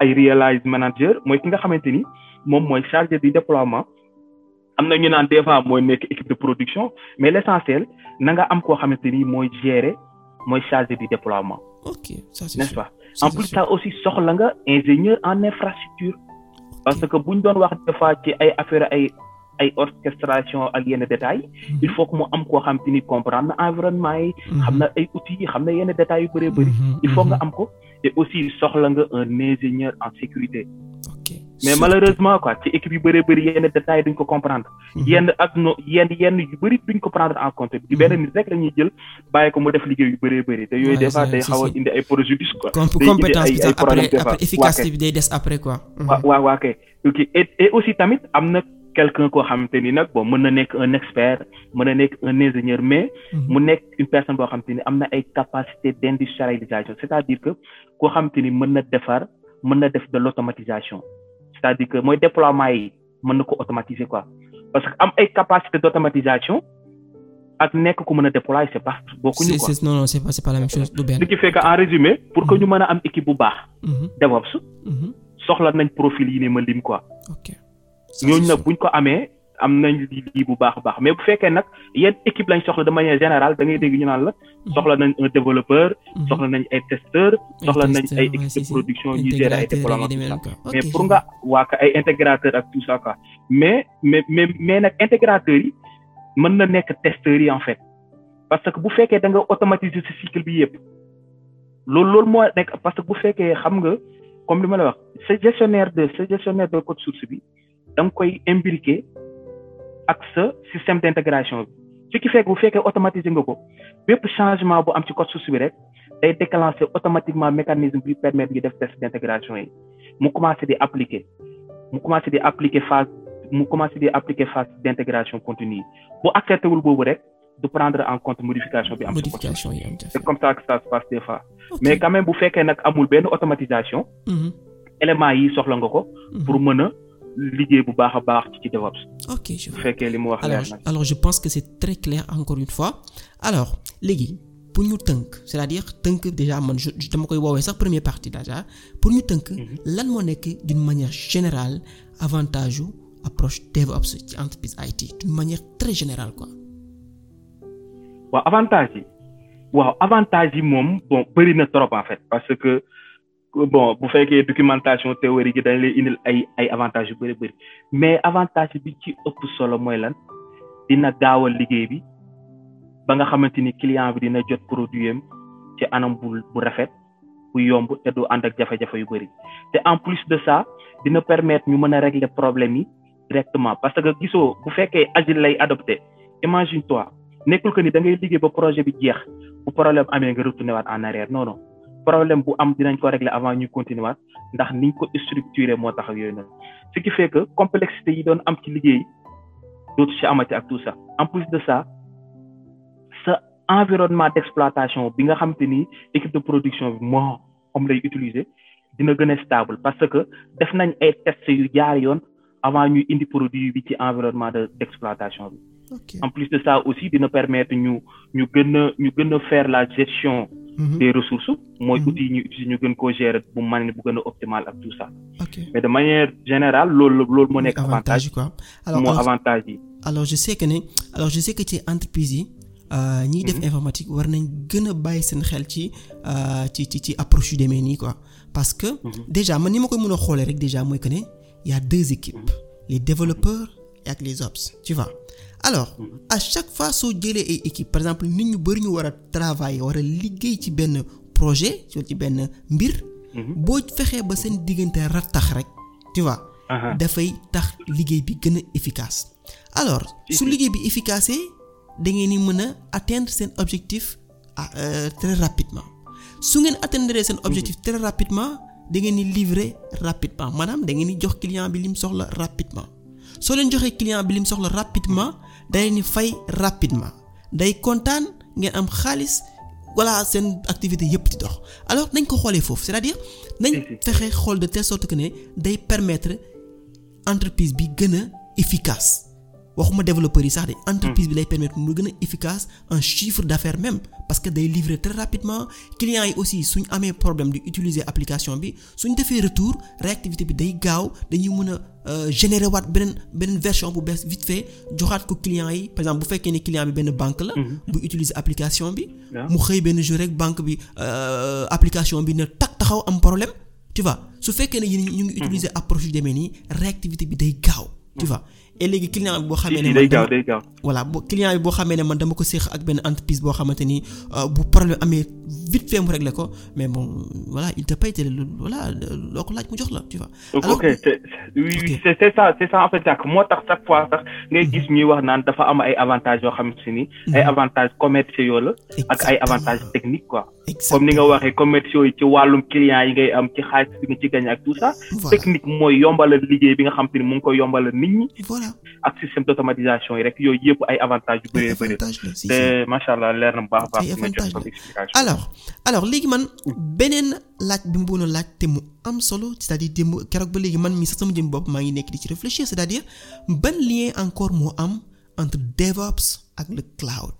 ay manager mooy ki nga xamante ni moom mooy chargé du déploiement am na ñu naan des fois mooy nekk équipe de production mais l' essentiel na nga am koo xamante ni mooy gérer mooy chargé du déploiement. ok ça pas en plus ça aussi soxla nga ingénieur en infrastructure. parce que bu ñu doon wax des ay affaire ay. ay orchestration ak yenn détails mm-hmm. il faut que mu am koo xam te ni comprendre na environnement yi mm-hmm. xam na ay outils xam na yenn détails yu bëree bëri mm-hmm. il faut nga am ko te aussi soxla nga un ingénieur en sécurité mais malheureusement quoi ci équipe yu bëree bëri yenn détails duñ ko comprendre yenn ak no yenn aussi tamit am na quelqu'un koo xamante ni nag bon mën na nekk un expert mën na nekk un ingénieur mais mhm. mu nekk une personne boo xamante ni am na ay capacité d'industrialisation c'est-à-dire que koo xamante ni mën na defar mën na def de l'automatisation cest a dire que mooy déploiement yi mën na ko automatiser quoi parce que am ay capacité d'automatisation ak nekk ku mën a déployer c'est pas bokkuñu quoi non non c'est pas c'est la même chose du benn ce qui que en résumé pour que mhm. ñu mën a am mhm. soxla nañ profil yi ma lim quoi ñooñu nag buñ ko amee am nañ lii bu baax a baax mais bu fekkee nag yenn équipe lañ soxla de manière général da ngay dégg ñu naan la mhm. soxla nañ un développeur mhm. soxla nañ ay testeur soxla nañ ay équipe de production ñu gérer ay déploiement mais pour nga waa ay intégrateur ak tout ça mais mais mais mais nag intégrateurs yi mën na nekk testeurs yi en fait parce que bu fekkee da nga automatiser ce cycle bi yëpp loolu loolu moo nekk parce que bu fekkee xam nga comme li ma la wax sa gestionnaire de sa gestionnaire de bi da nga koy imbriqué ak sa système d' intégration bi ce qui fait bu fekkee automatiser nga ko bépp changement bu am ci code source bi rek day déclencher automatiquement mécanisme bi permettre bi def test d' intégration yi mu commencé di appliquer mu commencé di appliquer phase mu commencé di appliquer phase d' intégration continue bu accepté wul boobu rek du prendre en compte modification bi am. modification comme ça que ça se passe des mais quand bu fekkee nag amul benn automatisation. Mhm. éléments yi soxla nga ko. Mhm. pour mën a. liggéey bu baax a baax ci DevOps. ok je vois fekkee li mu wax leer na. alors je pense que c'est très clair encore une fois alors léegi pour ñu tënk c'est-à-dire tënk déjà man dama koy woowee sax première partie déjà pour ñu tënk. Mhm. lan moo nekk d'une manière générale avantage yu approche DevOps ci entreprise IT d'une manière très générale quoi. waaw avantage yi waaw avantage yi moom bon bëri trop en fait parce que. bon bu fekkee documentation théorique yi dañ lay indil ay ay avantages yu bëri bëri mais avantage bi ci ëpp solo mooy lan dina gaawal liggéey bi ba nga xamante ni client bi dina jot produit am ci anam bu bu rafet bu yomb te du ànd ak jafe-jafe yu bëri te en plus de ça dina permettre ñu mën a régler problème yi directement parce que gisoo bu fekkee agile lay adopté imagine toi nekkul que ni da ngay liggéey ba projet bi jeex bu problème amee nga retourné waat en arrière non problème bu am dinañ ko régler avant ñu continuer ndax niñ ko structuré moo tax yooyu noonu ce qui fait que complexité yi doon am ci liggéey dootu si amati ak tout ça en plus de ça sa environnement d'exploitation bi nga xam te ni équipe de production bi moo am lay utiliser dina gën a stable parce que def nañ ay tests yu jaar yoon avant ñuy indi produit bi ci environnement de d'exploitation bi en plus de ça aussi dina permettre ñu ñu gën ñu gën faire la gestion Mm-hmm. des ressources mooy mm-hmm. outils yi ñuy ñu gën koo gérer bu man bu gën a optimal ak tout ça. mais de manière générale loolu loolu moo nekk avantage quoi alors moo avantage yi. alors je sais que ne alors je sais que ci entreprise yi. Euh, ñiy def mm-hmm. informatique war nañ gën a bàyyi seen xel ci euh, ci ci ci approche yu demee nii quoi parce que. déjà man ni ma koy mën a xoolee rek déjà mooy que ne y a deux équipes. les développeurs ak les ops tu vois. alors mm. à chaque fois soo jëlee ay équipe par exemple nit ñu bëri ñu war a travailler war a liggéey ci benn projet ci benn mbir. Mm-hmm. boo fexee ba seen diggante rattax rek tu vois. Uh-huh. dafay tax liggéey bi gën a efficace. alors su liggéey bi efficace da ngeen ni mën a atteindre seen objectif ah, euh, très rapidement su ngeen atteindre seen objectif très rapidement da ngeen ni livrer rapidement maanaam da ngeen ni jox client bi lim soxla rapidement soo leen client bi lim soxla rapidement. day leen fay rapidement day kontaan ngeen am xaalis wala seen activités yëpp di dox alors dañ ko xoolee foofu c'est-à-dire nañ fexe xool de telle sorte que ne day permettre entreprise bi gën a efficace waxuma développeurs yi sax de hmm. entreprise bi day permettre mu gën a efficace en chiffre d'affaires même parce que day livrer très rapidement clients yi aussi suñ amee problème di utiliser application bi suñ defee retour réactivité bi day gaaw dañuy mën a euh, générer waat beneen beneen version bu bees vite joxaat ko clients yi par exemple bu fekkee ne client bi benn banque la. Hmm. bu bi. mu xëy benn jour rek banque bi euh, application bi ne tak taxaw am problème tu su fekkee ne ñu ngi hmm. utiliser approche yu demee nii activité bi day gaaw tu et léegi client bi boo xamee ne day gaaw day gaaw voilà boo client bi boo xamee ne man dama ko séq xamante ni euh, bu problème amee vite ko mais bon voilà il te paye te voilà loo ko laaj mu jox la tu vois. alors ok c'est oui moo tax chaque fois sax ngay mhm. gis ñuy wax naan dafa am ay avantages yoo xam si ni. ay mhm. avantages commerciaux la. ak ay avantages techniques quoi. comme ni nga waxee commerciaux yi ci wàllum client yi ngay am ci xaalis bi nga ci gagné ak tout ça. technique mooy yombalal liggéey bi nga xam si ni mu ngi koy yombalal nit ñi. ak si symptomatisation yi rek yooyu yëpp ay avantages yu bëree bëri. te macha allah leer na bu baax baax. ay avantages alors alors léegi man mm. beneen laaj bi mu bëggoon a laaj te mu am solo c'est-à-dire démb keroog ba léegi man mi sax sama jëm bopp maa ngi nekk di ci réfléchir c'est-à-dire ban lien encore moo am entre DevOps ak le cloud.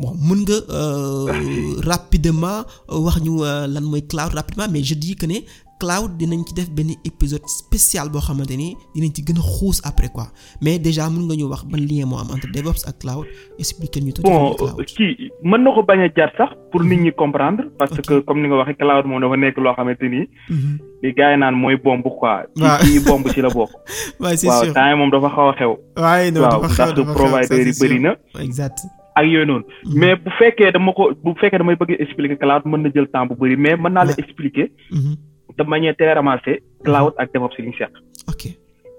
bon mën nga euh, (laughs) rapidement euh, wax ñu euh, lan mooy cloud rapidement mais je dis que ne cloud dinañ ci def benn épisode spécial boo xamante ni dinañ ci gën a xuus après quoi mais déjà mën nga ñu wax ban lien moo entre DevOps ak cloud expliquer ñu tuuti bon euh, kii mën na ko bañ a jar sax pour nit ñi comprendre parce que comme ni nga waxee cloud moom dafa nekk loo xamante ni mhm. li gars yi naan mooy bomb quoi ci bomb ci la bokk (laughs) waaw c'est sûr temps moom dafa xaw a xew waaw ndax provider yi na exact ak yooyu noonu mhm. mais bu fekkee dama ko bu fekkee damay bëgg expliquer cloud mën na jël temps bu de manière très ramassée mhm. cloud ak DevOps yi ñu seq. ok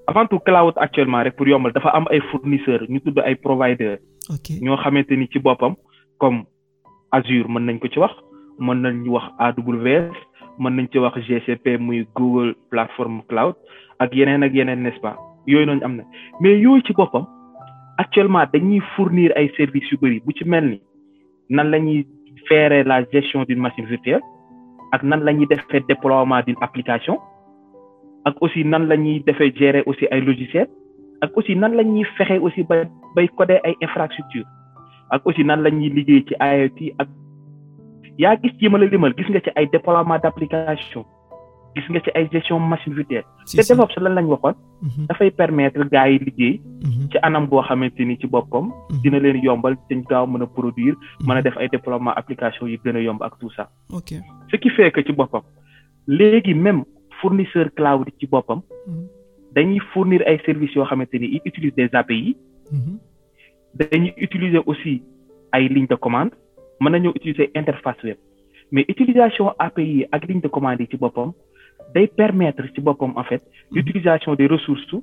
avant tout cloud actuellement rek pour yombal dafa am ay fournisseurs ñu tudd ay providers. ñoo xamante ni ci boppam comme Azure mën nañ ko ci wax mën nañ wax AWS mën nañ ci wax GCP muy Google Platform Cloud ak yeneen ak yeneen nest pas yooyu noonu am na mais yooyu ci boppam actuellement dañuy fournir ay services yu bëri bu ci mel ni nan la ñuy faire la gestion d'une machine virtuelle. ak nan la ñuy defee déploiement d'une application ak aussi nan la ñuy defee gérer aussi ay logiciel ak aussi nan la ñuy fexe aussi ba bay coder ay infrastructure ak aussi nan la ñuy liggéey ci IoT ak yaa gis ci ma la limal gis nga ci ay déploiement d' application gis nga ci ay gestion machine virtuelle te DevOps lan lañ waxoon mhm. dafay permettre gars yi liggéey mhm. ci anam boo xamante ni ci boppam mhm. dina leen yombal dañ mën a produire mën a def ay déploiement application yi gën yomb ak tout sax ok ce qui ci boppam léegi même fournisseur cloud ci boppam dañuy fournir ay services yoo xamante ni ils utilisent des API dañuy utiliser aussi ay ligne de commande mën nañoo utiliser interface web mais utilisation API ak ligne de commande ci boppam day permettre ci boppam en fait mhm. l'utilisation des ressources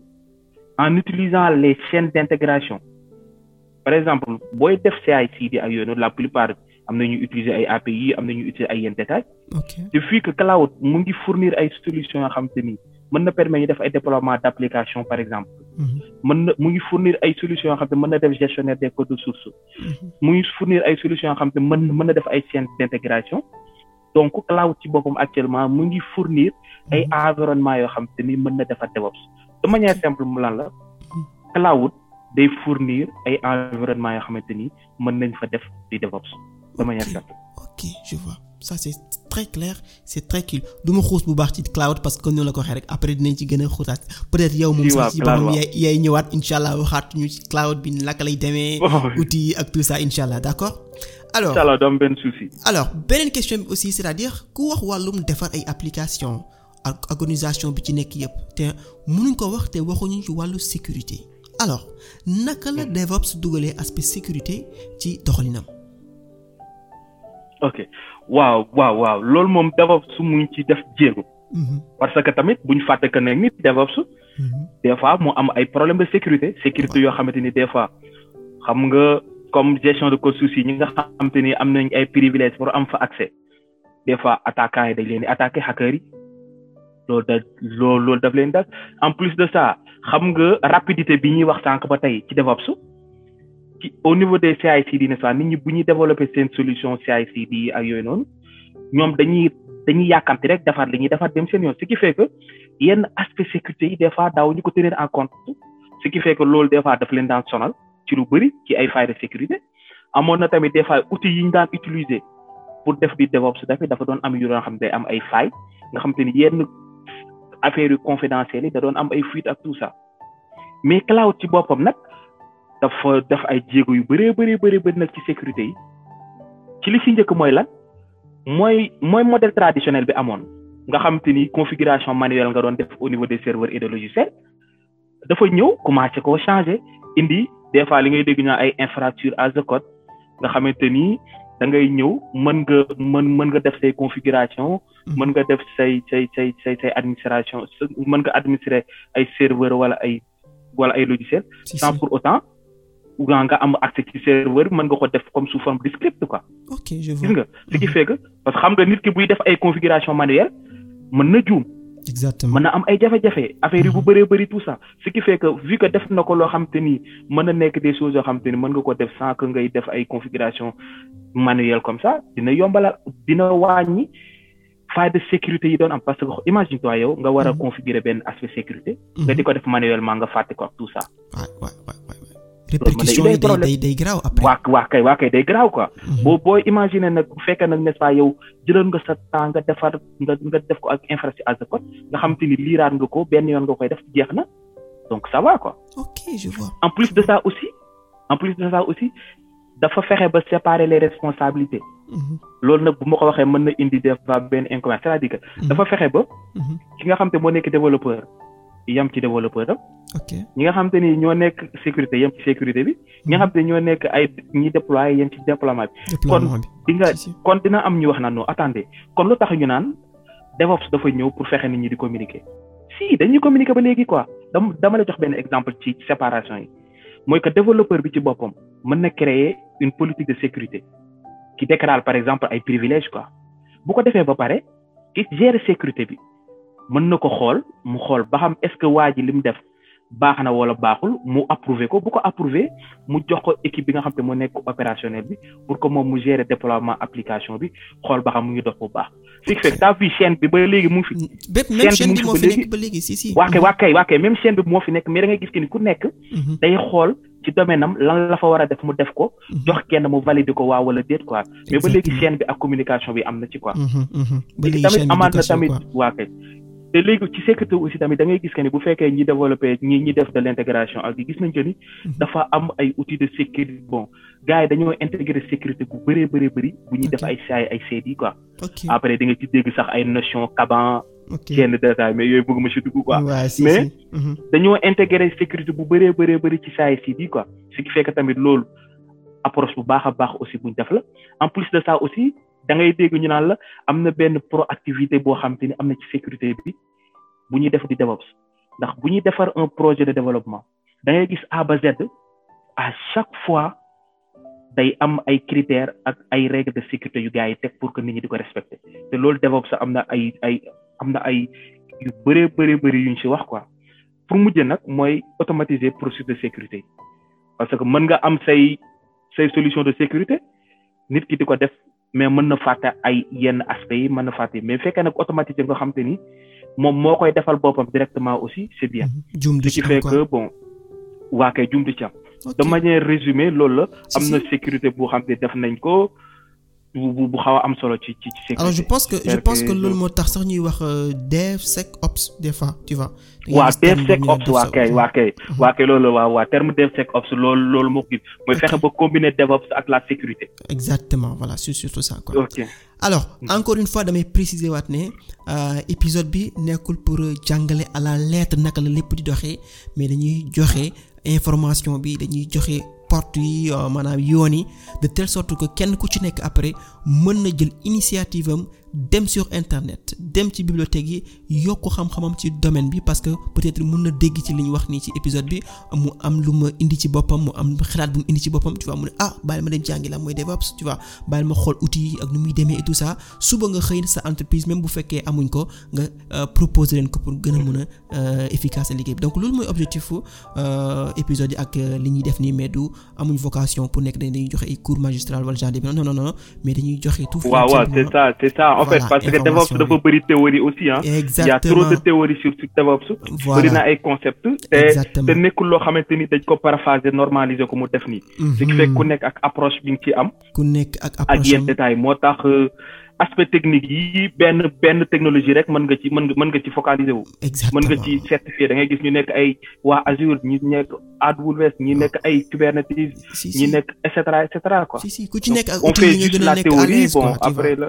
en utilisant les chaînes d'intégration par exemple booy def CI/CD ak yooyu noonu la plupart am na ñu utiliser ay API am na ñu utiliser ay yenn détails. depuis que cloud mu ngi fournir ay solutions yoo xam te ni mën na permettre ñu def ay déploiement d'application par exemple. Mhm. mën na mu ngi fournir ay solutions yoo xam mën na def gestionnaire des codes sources. Mhm. mu ngi fournir ay solution yoo xam te mën mën na def ay chaînes d'intégration. donc cloud ci boppam actuellement mu ngi fournir ay mm-hmm. environnement yoo xam te ni mën na defar DevOps de manière simple mu lan la cloud day fournir ay environnement yoo xamante ni mën nañ fa def di DevOps de manière simple. ok je vois très clair c'est très cool du ma xuus bu baax ci cloud parce que ni la ko waxee rek après dinañ ci gën a xutaat peut-être yow moom sax ci boppam yaay yaay ñëwaat insha allah waxaat ñu ci cloud bi naka lay demee (laughs) oh outils ak tout ça insha allah d'accord alors insha allah dama benn souci alors beneen question bi aussi si à ku wax wàllum defar ay application ak organisation bi ci nekk yépp te mënuñ ko wax te waxuñu ci wàllu sécurité alors naka la hmm. su dugalee aspect sécurité ci doxalinam ok waaw waaw waaw loolu moom DevOps mu ngi ci def jéego. Mhm. parce que tamit bu ñu fàtte que ne nit DevOps. Mhm. des fois mu am ay problème de sécurité. sécurité yoo xamante ni des fois xam nga comme gestion de code source yi ñi nga xamante ni am nañ ay privilèges pour am fa accès. des fois attaquants yi dañ leen di attaqué hackers yi loolu da loolu loolu daf leen dal en plus de ça xam nga rapidité bi ñuy wax sànq ba tey ci DevOps. ci au niveau des CICD n'est-ce pas nit ñi bu ñuy développer seen solution CICD ak yooyu noonu ñoom dañuy dañuy yàkkamti rek defar li ñuy defar dem seen yoon ce qui fait yenn aspect sécurité des fois daaw ñu ko tenir en compte ce qui loolu des fois daf leen daan sonal ci lu bëri ci ay failles de sécurité amoon na tamit des fois outils yi ñu daan utiliser pour def bi DevOps dafay dafa doon am yu doon xam ne day am ay failles nga xam te ni yenn affaires yu confidentielles yi da doon am ay fuites ak tout sax mais cloud ci boppam nag. dafa def ay jéego yu bëree bëri bëri bëri nag ci sécurité yi ci li si njëkk mooy lan mooy mooy modèle traditionnel bi amoon nga xam te ni configuration manuelle nga doon def au niveau des serveurs et des dafa ñëw commencé ko changé indi des fois li ngay dégg ñaa ay infrastructure à a nga xamante ni da ngay ñëw mën nga mën mën nga def say configuration hmm. mën nga def say say say say say administration mën nga administrer ay serveur wala ay wala ay logiciel sans pour autant ou bien nga am accès ci serveur ko def comme sous forme de script quoi. ok je nga ce qui mhm. fait parce que xam nga nit ki buy def ay configuration manuelle man na juum. exactement mën na am ay jafe-jafe affaire bu mhm. bëree bëri tout ça ce qui fait que vu que def na ko loo xam te ni mën na nekk des choses yoo xam te ni mën nga ko def sans que ngay def ay configuration manuelle comme ça dina yombalal dina wàññi faille de sécurité yi doon am parce que imagine toi yo nga war a mhm. configurer benn aspect sécurité. nga di ko def manuellement nga fàtte ko ak répercussions yi day day day garaaw après waa waa kay waa kay day garaaw quoi. Mhm. boo booy imaginer nag bu fekkee nag n'est-ce pas yow jëloon nga sa temps nga defar nga nga def ko ak infrastructure as nga xam te ni liiraat nga ko benn yoon nga koy def jeex na donc ça va quoi. en plus de ça aussi en plus de ça aussi dafa fexe ba séparer les responsabilités. Mhm. loolu nag bu ma ko waxee mën na indi des fois benn inconvénient cest à mhm. dafa fexe ba. ki nga xam te moo nekk développeur. yam ci développeur am. ok ñi nga xam te ni ñoo nekk sécurité yam ci sécurité bi. ñi mhm. xam te ñoo nekk ay ñi déployé yam ci déploiement bi. kon di kon dina am ñu wax na non attendez kon lu tax ñu naan DevOps dafa ñëw pour fexe nit ñi di communiquer. si dañuy ba léegi quoi dama dama la jox benn exemple ci séparation yi mooy que développeur bi ci boppam mën na créer une politique de sécurité ki déclare par exemple ay privilèges quoi bu ko defee ba pare ki gère sécurité bi. mën na ko xool mu xool ba xam est-ce que waa ji li mu def baax na wala baaxul mu approuvé ko bu ko approuvé mu jox ko équipe bi nga xam te moo nekk opérationnel bi pour que moom mu gérer déploiement application bi xool ba xam mu ngi dox bu baax. fii fekk taa fi chaîne bi ba léegi mu ngi fi. bépp même chaîne bi moo fi nekk ba léegi si si. Mhm. moo fi nekk mais da gis que ni ku nekk. Mhm. day xool. ci domaine am lan la fa war a def mu def ko mhm. jox kenn mu valider ko waaw wala déet quoi mais ba léegi chaîne bi ak communication bi am na ci quoi tamit amaan na tamit waa te léegi ci sécurité aussi tamit da ngay gis que ni bu fekkee ñi développé ñi ñi def de l' intégration ak gis nañ que ni mhm. dafa am ay outils de sécurité bon gars yi dañoo intégré sécurité bu bëree bëri bëri bu ñuy def ay saay ay seet yi quoi. après da nga ci sax ay notion kaban. kenn détail mais yooyu bëgg ma si dugg quoi. mais mhm. dañoo intégré sécurité bu bëree bëree bëri ci saay si bi quoi. ce qui fait que tamit lool approche bu baax a baax aussi buñ def la en plus de ça aussi. da ngay dégg ñu naan la am na benn activité boo xam te am na ci sécurité bi bu ñuy def di DevOps ndax bu ñuy defar un projet de développement dangay gis A ba Z chaque fois day am ay critères ak ay règles de sécurité yu gars yi teg pour que nit ñi di ko respecter te loolu DevOps am na ay ay am na ay yu bëree bëri bëri yu ñu si wax quoi pour mujjee nag mooy automatiser processus de sécurité parce que mën nga am say say solution de sécurité nit ki di ko def. mais mën na fàtte ay yenn aspects yi mën na fàtte mais fekkee na automatisé nga xam te ni moom moo koy defal boppam directement aussi c' est bien. Mm-hmm. jum du ci am ce bon waa kay jum du ci am. de manière résumée loolu la. am na sécurité boo xam ne def nañ ko. bu bu xaw a am solo ci ci ci. alors je pense que je pense que loolu moo tax sax ñuy wax euh, DevSecOps des fois tu vois. waaw DevSecOps waa kay waa kay. Mhm. waa kay loolu waaw waa terme DevSecOps loolu loolu moo ko mooy fexe ba combiner DevOps ak la sécurité. exactement voilà c'est surtout ça quoi. ok mhm. encore une fois damay préciser waat ne euh, épisode bi nekkul pour euh, jàngale à la lettre naka la lépp di doxee mais dañuy joxe information bi dañuy joxe. porte yi euh, maanaam yoon yi de telle sorte que kenn ku ci nekk après mën na jël initiative am dem sur internet dem ci bibliothèque yi yokk xam-xamam ci domaine bi parce que peut-être mun na dégg ci li ñu wax nii ci épisode bi mu am lu ma indi ci boppam mu am xalaat bu mu indi ci boppam tu vois mu ne ah bàyyi ma dem jàngi la mooy DevOps tu vois bàyyi ma xool uti yi ak nu muy demee et tout ça suba nga xëy sa entreprise même bu fekkee amuñ ko nga euh, proposer leen ko pour gën a mën a euh, efficace liggéey bi donc loolu mooy objectif euh, épisode yi ak li ñuy def nii mais du amuñ vocation pour nekk dañuy joxe ay cours magistral wala dañuy joxe tout. waaw waaw c'est ça c'est ça en fait parce que DevOps dafa bëri théorie aussi ah. exactement y a trop de théorie sur sur DevOps. ay concepts. te te nekkul dañ ko paraphraser normaliser ko mu def nii. Mhm. ku nekk ak approche bi ci am. ku nekk ak approche am ak yenn détails aspect technique yi benn benn technologie rek mën nga ci mën nga mën nga ci focaliser wu. mën nga ci certifier da ngay gis ñu nekk ay waa Azure ñi nekk AWS ñi nekk ay Kubernetes. ñi nekk et cetera et cetera quoi. ci nekk ak outil yi nga gën a nekk à l'aise après la.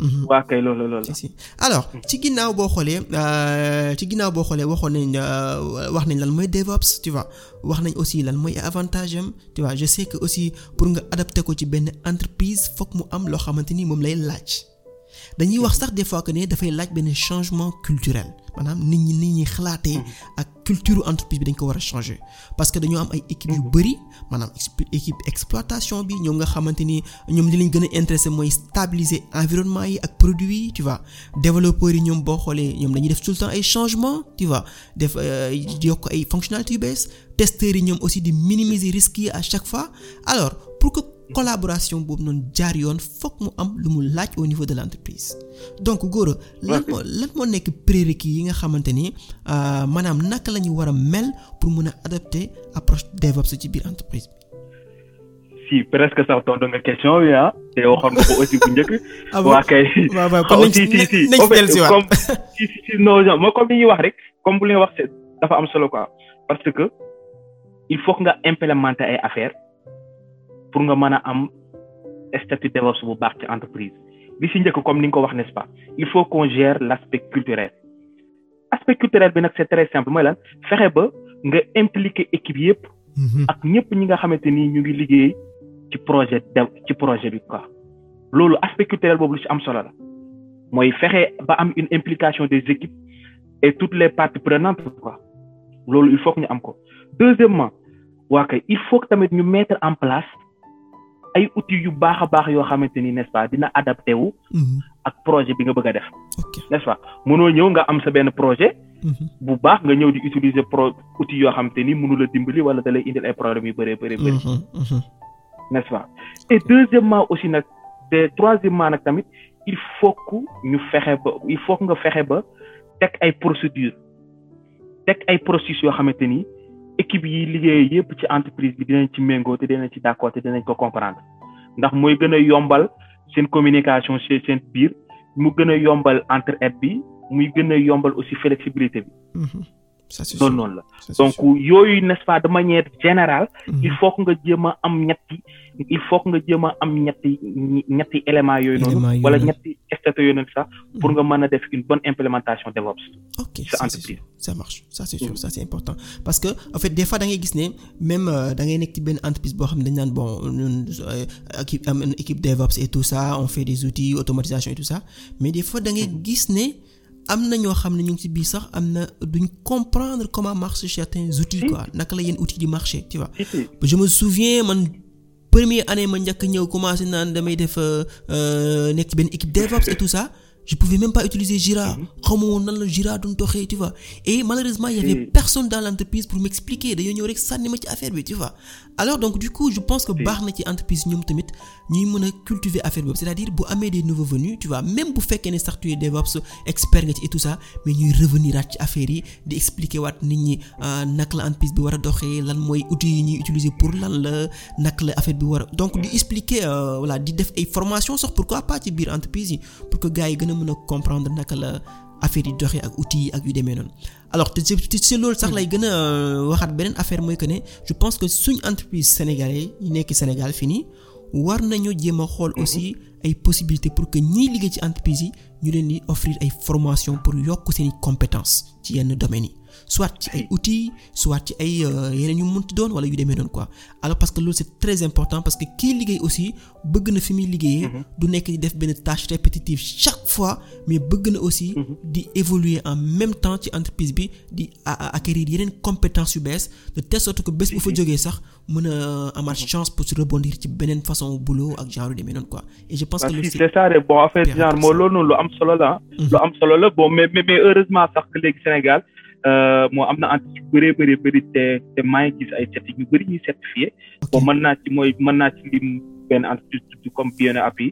Mhm. waa kay loolu loolu si alors ci ginnaaw boo xoolee euh, ci ginnaaw boo xoolee waxoon nañ euh, wax nañ lan mooy DevOps tu vois wax nañ aussi lan mooy avantage am tu vois je sais que aussi pour nga adapté ko ci benn entreprise foog mu am loo xamante ni moom lay laaj dañuy wax sax des fois que ne dafay laaj benn changement culturel maanaam nit ñi nit ñi xalaatee mhm. ak culture entreprise bi dañ ko war a changer parce que dañoo am ay équipe yu mhm. bëri maanaam équipe exploitation bi ñoom nga xamante ni ñoom di lañ gën a intéressé mooy stabiliser environnement yi ak produits yi ti vois développeurs yi ñoom boo xoolee ñoom dañuy def tout le temps ay changements tu vois def euh, yokk ay fonctionnalités bees testeurs yi ñoom aussi di minimiser risques yi à chaque fois alors pour que collaboration boobu noonu jaar yoon foog mu am lu mu laaj au niveau de l'entreprise donc Gora lan moo lan moo nekk prérequis yi nga xamante ni euh, maanaam naka la ñu war a mel pour mun a adapter approche DevOps ci biir entreprise bi. si presque sax tontu nga question bi ah te waxoon nga ko aussi (laughs) ah (laughs) comme li ñuy wax rek comme bu leen wax dafa am solo quoi parce que il faut nga implémenter ay affaires. pour nga mën a am statut DevOps bu baax ci entreprise bi si njëkk comme ni nga ko wax n'est-ce pas il faut qu'on gère l'aspect culturel aspect culturel bi nag c'est très simple mooy lan fexe ba nga impliquer équipe yëpp mhm. ak ñëpp ñi nga xamante ni ñu ngi liggéey ci projet dev ci projet bi quoi loolu aspect culturel boobu lu ci am solo la mooy fexe ba am une implication des équipes et toutes les parties prenantes quoi loolu il faut que ñu am ko deuxièmement ay outils yu baax a baax yoo xamante ni n'est-ce pas dina adapté wu. Mhm. ak projet bi nga bëgg a def. n'est-ce pas mënoo ñëw nga am sa benn projet. Mhm. bu baax nga ñëw di utiliser pro outils yoo xamante ni mënu la dimbali wala da lay indil ay problèmes yu bëree bëri bëri. Mhm, n'est-ce pas et deuxièmement aussi nag te troisièmement nag tamit il faut que ñu fexe ba il faut que nga fexe ba teg ay procédures teg ay processus yoo xamante ni. équipe yi liggéey yëpp ci entreprise bi dinañ ci méngoo te dinañ ci d'accord te dinañ ko comprendre ndax mooy gën a yombal seen communication ci seen biir mu gën a yombal entre-aide bi muy gën a yombal aussi flexibilité bi mm-hmm. loolu noonu la donc yooyu n'est-ce pas de manière générale mhm. il faut que nga jéem am ñetti il faut que nga jéem a am ñetti ñetti éléments yooyu noonu wala ñetti statu yooyu noonu sax pour nga mën a def une bonne implémentation DevOps ok sa entreprise ça marche ça c'est sûr mhm. important parce que en fait des fois da ngay gis ne même euh, da ngay nekk ci benn entreprise boo xam ne dañ naan bon ñun euh, équipe am équipe DevOps et tout ça on fait des outils automatisation et tout ça mais des fois da ngay mhm. gis ne am na ñoo xam ne ñu ngi ci biir sax am na duñ comprendre comment marchent certains outils quoi naka la yenn outils di marché tu waa je souvien man premier année ma njëkk ñëw commencé naan damay def euh, euh, nekk ci benn équipe DevOps et tout ça. je pouvais même pas utiliser Jira mhm. xawma woon nan la Jira duñ doxee tu vois et malheureusement il y avait personne dans l'entreprise pour m'expliquer dañoo ñëw rek sànni ma ci affaire bi tu alors donc du coup je pense a cultiver bu fekkee ne sax tu es DevOps expert nga ci et tout ça mais ñuy revenir ci affaire yi di expliquer waat nit ñi euh, naka la entreprise bi war a doxee lan mooy outils yi ñuy utiliser pour lan la naka la affaire bi war a donc di expliquer euh, voilà di def ay formation sax yi pour mën a comprendre naka la affaire yi doxee ak outils yi ak yu demee noonu alors te ci loolu sax lay gën a euh, waxaat beneen affaire mooy que ne je pense que suñ entreprise sénégalais yi nekk Sénégal fii nii war nañoo jéem a xool mm-hmm. aussi ay possibilité pour que ñuy liggéey ci entreprise yi ñu leen di offrir ay formation pour yokk seeni compétence ci yenn domaines yi soit ci ay outils soit ci ay euh, yeneen yu munti doon wala yu demee doon quoi alors parce que loolu c'est très important parce que kii liggéey aussi bëgg na fi muy liggéeyee. Mm-hmm. du nekk di def benn tâche répétitive chaque fois mais bëgg na aussi. Mm-hmm. di évoluer en même temps ci entreprise bi di acquérir yeneen compétence yu bees de telle sorte que bés bu fa mm-hmm. jógee sax mën a euh, amaat chance pour se rebondir ci beneen façon boulot ak genre yu demee noonu quoi. et je pense que loolu c'est ça bon en fait genre moo lu am solo la lu am solo la bon mais mais heureusement sax léegi Sénégal. Euh, moo am na entreprise bëree bëri bëri te te maa ngi gis ay certifié yu bëri ñuy certifié moo man naa ci mooy man naa ci lim benn entreprise tudd comme Bione Appy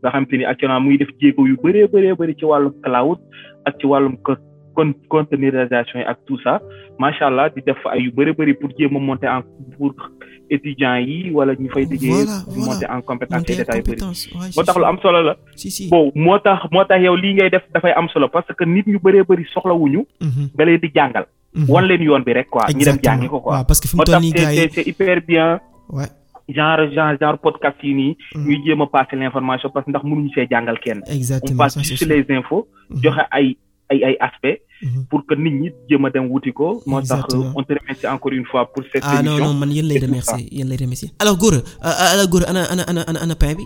nga xam te ni actuellement muy def jéego yu bëree bëree bëri ci wàllum cloud ak ci wàllum con containerisation yi ak tout ça macha allah di def ay yu bëri bëri pour jéem a monter en pour étudiants yi wala ñu fay liggéey monter en compétence yi détail bëri moo tax lu am solo la bon moo tax moo tax ngay def dafay am solo parce que nit ñu bëree bëri soxlawuñu mhm. nga leen di jàngal mhm. wan leen yoon bi rek quoi ñu dem jàngi ko quoi parce que fi mu toll nii genre genre podcast yi nii mhm. ñuy jéem a passer l'information parce que ndax mënuñu see jàngal kenn on passe juste les joxe ay ay ay aspects. Mhm. pour que nit ñi jéem a dem wuti ko. moo tax on te remercie encore une fois pour cette émission. ah non non man yéen lay remercier yéen lay remercier. alors a euh, euh, alors Gora a ana ana ana pain bi.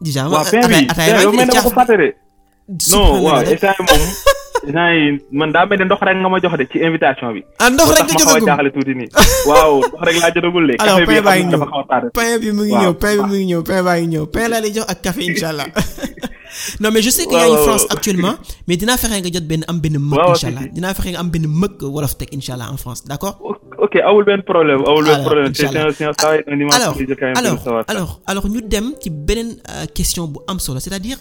déjà waaw ah, pain bi ah, ah, yow mel na ma ko fàtte de. non waaw instant moom. naa man daa mel ne ndox rek nga ma jox de ci invitation bi. ah ndox rek nga joxagum tax ma xaw a jaaxle tuuti nii. waaw ndox rek laa a de. alors pain baa ngi ñëw pain bi mu ngi ñëw pain baa ngi ñëw pain laa lay jox ak café incha (laughs) non mais je sais que yaa France actuellement mais dinaa fexe nga jot benn am benn mëkk incha allah dinaa fexe nga am benn mëkk wolof teg incha allah en France d'accord ok awul benn problème awul benn problème c'est un travail un alors ñu dem ci beneen euh, question bu am solo c'est-à-dire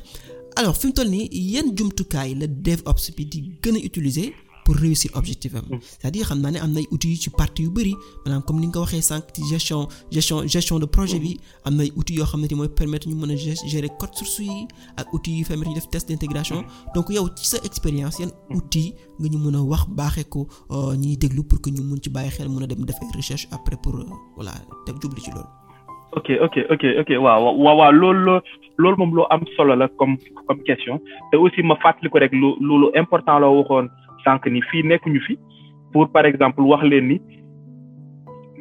alors fi mu toll nii yan jumtukaay la DevOps bi di gën a utiliser pour réussir objectif am. Mm. c'est-à-dire xam naa ne am nay outils yu ci parti yu bëri maanaam comme ni nga ko waxee sànq ci gestion gestion gestion de projet bi mm. am nay outils yoo xam ne mooy permettre ñu mën a gérer code source yi ak outils yu permettre ñu def test d'intégration mm. donc yow ci sa expérience yan outils nga ñu mën a wax baaxee ko euh, ñiy déglu pour que ñu mun ci bàyyi xel mun a dem def recherche après pour euh, voilà teg jublu ci loolu. ok ok ok ok waaw waaw waaw loolu moom loo am solo la comme comme question te aussi ma fàttali ko rek lu lu important la waxoon. sànq ni fii ñu fi pour par exemple wax leen ni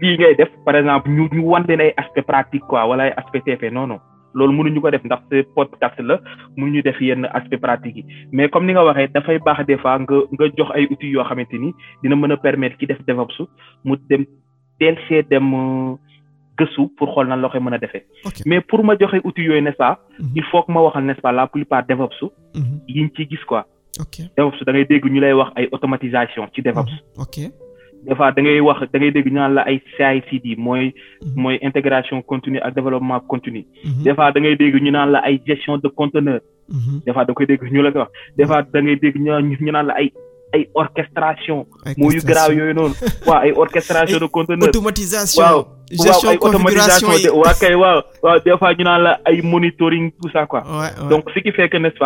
lii ngay def par exemple ñu ñu wan leen ay aspect pratique quoi wala ay aspect TP non non loolu mënuñu ko def ndax ce podcast la ñu def yenn aspect pratique yi mais comme ni nga waxee dafay baax des fois nga nga jox ay outils yoo xamante ni dina mën a permettre ki def DevOps mu dem teel see dem euh, gëstu pour xool na la koy mën a defee mais pour ma joxe outils yooyu nest mhm. il faut que ma waxal nest la plupart DevOps mhm. yiñ ci gis ok DevOps da ngay dégg ñu lay wax ay automatisation ci DevOps. Mhm. ok des da ngay wax da ngay dégg ñu naan la ay CI/CD mooy. Mhm. mooy intégration continue ak développement continu. Mhm. des fois da ngay dégg ñu naan la ay gestion de conteneur. des fois da la ko wax des fois da ngay dégg ñu naan la ay. ay orchestration moo yu garaaw yooyu noonu (laughs) waaw ay orchestration de conteneur automatisation waaw waaw ay automatisation de waa kay waaw waaw des fois ñu naan la ay monitoring tout ça donc ce qui fait que nest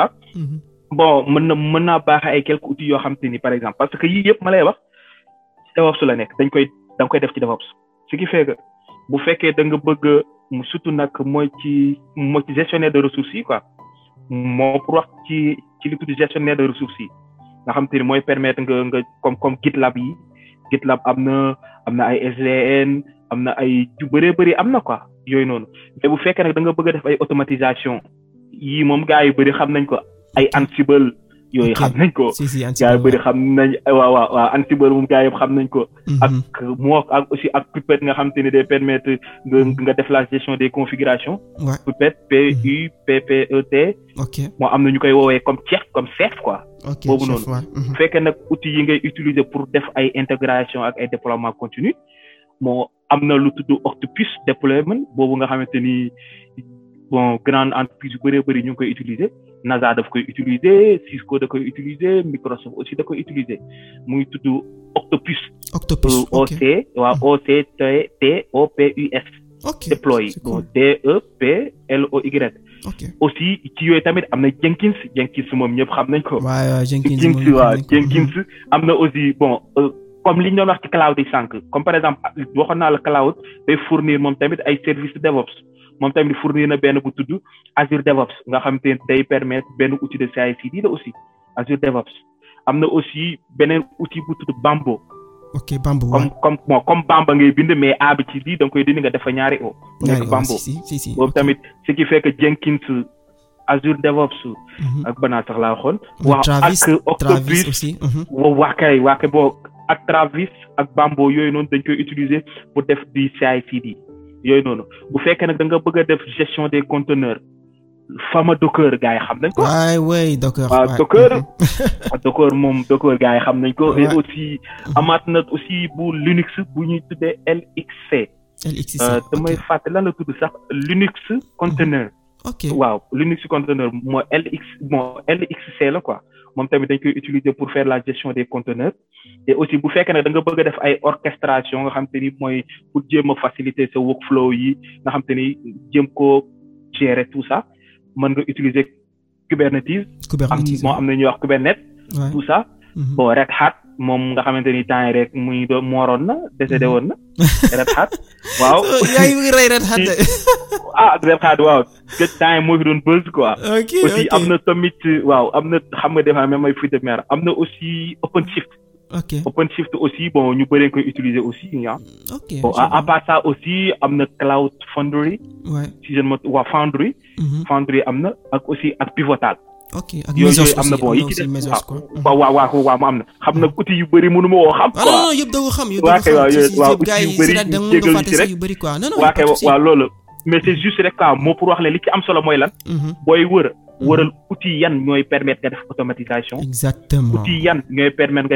bon mën na mën naa baaxee ay quelques outils yoo xam te ni par exemple parce que yii yëpp ma lay wax DevOps la nekk dañ koy da nga koy def ci DevOps ce qui fait bu fekkee da nga bëgg mu surtout nag mooy ci mooy ci gestionnaire de ressources yi quoi moo pour wax ci ci li tudd gestionnaire de ressources yi nga xam te ni mooy permettre nga nga comme comme GitLab yi GitLab am na am na ay SDN am na ay ju bëree bëri am na quoi yooyu noonu mais bu fekkee nag da nga bëgg def ay automatisation yii moom gaa yu bëri xam nañ ko. ay ansible yooyu xam nañ ko gaa yi xam nañ waaw waaw waaw ansible moom yëpp xam nañ ko mhm. ak mook ak aussi ak Puppet nga xam te ne day permettre mhm. nga def la gestion des configurations Puppet P e T moo am na ñu koy woowee comme chef comme chef quoi boobu noonu bu mhm. fekkee nag outils yi ngay utiliser pour def ay intégration ak ay déploiement continu moo am na lu tudd Octopus déploiement boobu nga xamante ni bon grande entreprise yu bëree bëri ñu ngi koy utiliser NASA def koy utiliser Cisco da koy utiliser Microsoft aussi da koy utiliser muy tudd Octopus. OC euh, waaw OC T O P U S. ok deploy D plo e P L O Y. ok aussi yooyu tamit am na Jenkins Jenkins moom ñëpp xam nañ ko. waaw Jenkins moom waaw Jenkins am na aussi bon. Euh, comme li ñu doon wax ci cloud yi sànq comme par exemple waxoon naa la cloud fournir moom tamit ay services DevOps. moom tamit fournir na benn bu tudd Azure DevOps nga xam te day permettre benn outil de CI/CD la aussi Azure DevOps am na aussi bene outil bu tudd Bamboo. ok Bamboo comme comme bon comme Bamba ngay bind mais A bi ci di da nga nga defa ñaari o. ñaari o si si si boobu tamit ce qui fait que Jenkins Azure DevOps. Mhm. ak banaa sax laa waxoon. waaw ak Octopus aussi. Mhm. waa kay waa boo ak Travis ak Bamboo yooyu noonu dañ koy utiliser pour def di CI/CD. yooyu noonu bu fekkee nag da nga bëgg a def gestion des conteneurs fama docker gars yi xam nañ ko. waay waay docker (laughs) moom docker gars xam nañ ko. aussi amaat na aussi bu Linux bu ñuy tuddee LXC. LXC euh, damay fàtte lan la tudd sax Linux conteneur. Mm-hmm. ok waaw Linux conteneur moo LX moo LXC la quoi. moom tamit dañ koy utiliser pour faire la gestion des conteneurs et aussi bu fekkee ne da nga bëgg a def ay orchestration nga xam te ni mooy pour jéem a faciliter sa workflow yi nga xam te ni jéem koo gérer tout ça mën nga utiliser Kubernetes. Kubernetes am moo am na ñuy wax Kubernetes. tout ça. bon Red Hat moom nga xamante ni temps yi rek muy do mooroon na décédé woon na Red Hat waaw yaa ngi rey Red Hat ah Red Hat temps yi moo fi doon quoi aussi am na tamit waaw am na xam nga defa même ay fruit de mer am na aussi OpenShift ok OpenShift aussi bon ñu bëri koy utiliser aussi ah. ok bon aussi am na Cloud Foundry. si je ne me waaw Foundry. Mm-hmm. Foundry am na ak aussi ak Pivotal. ok ak Mesos am na bon yi ci des ah, waaw waaw waaw waaw mu am na xam nag outil hmm. yu bëri mënu ma woo xam. Ah quoi non yëpp da nga xam yëpp da nga xam si si gars yu bëri quoi non non. waaw loolu mais c'est juste rek quoi moo pour wax le li ci am solo mooy lan. Hmm. booy wër. Hmm. wëral outil yan ñooy permettre nga def automatisation. exactement outil yan ñooy permettre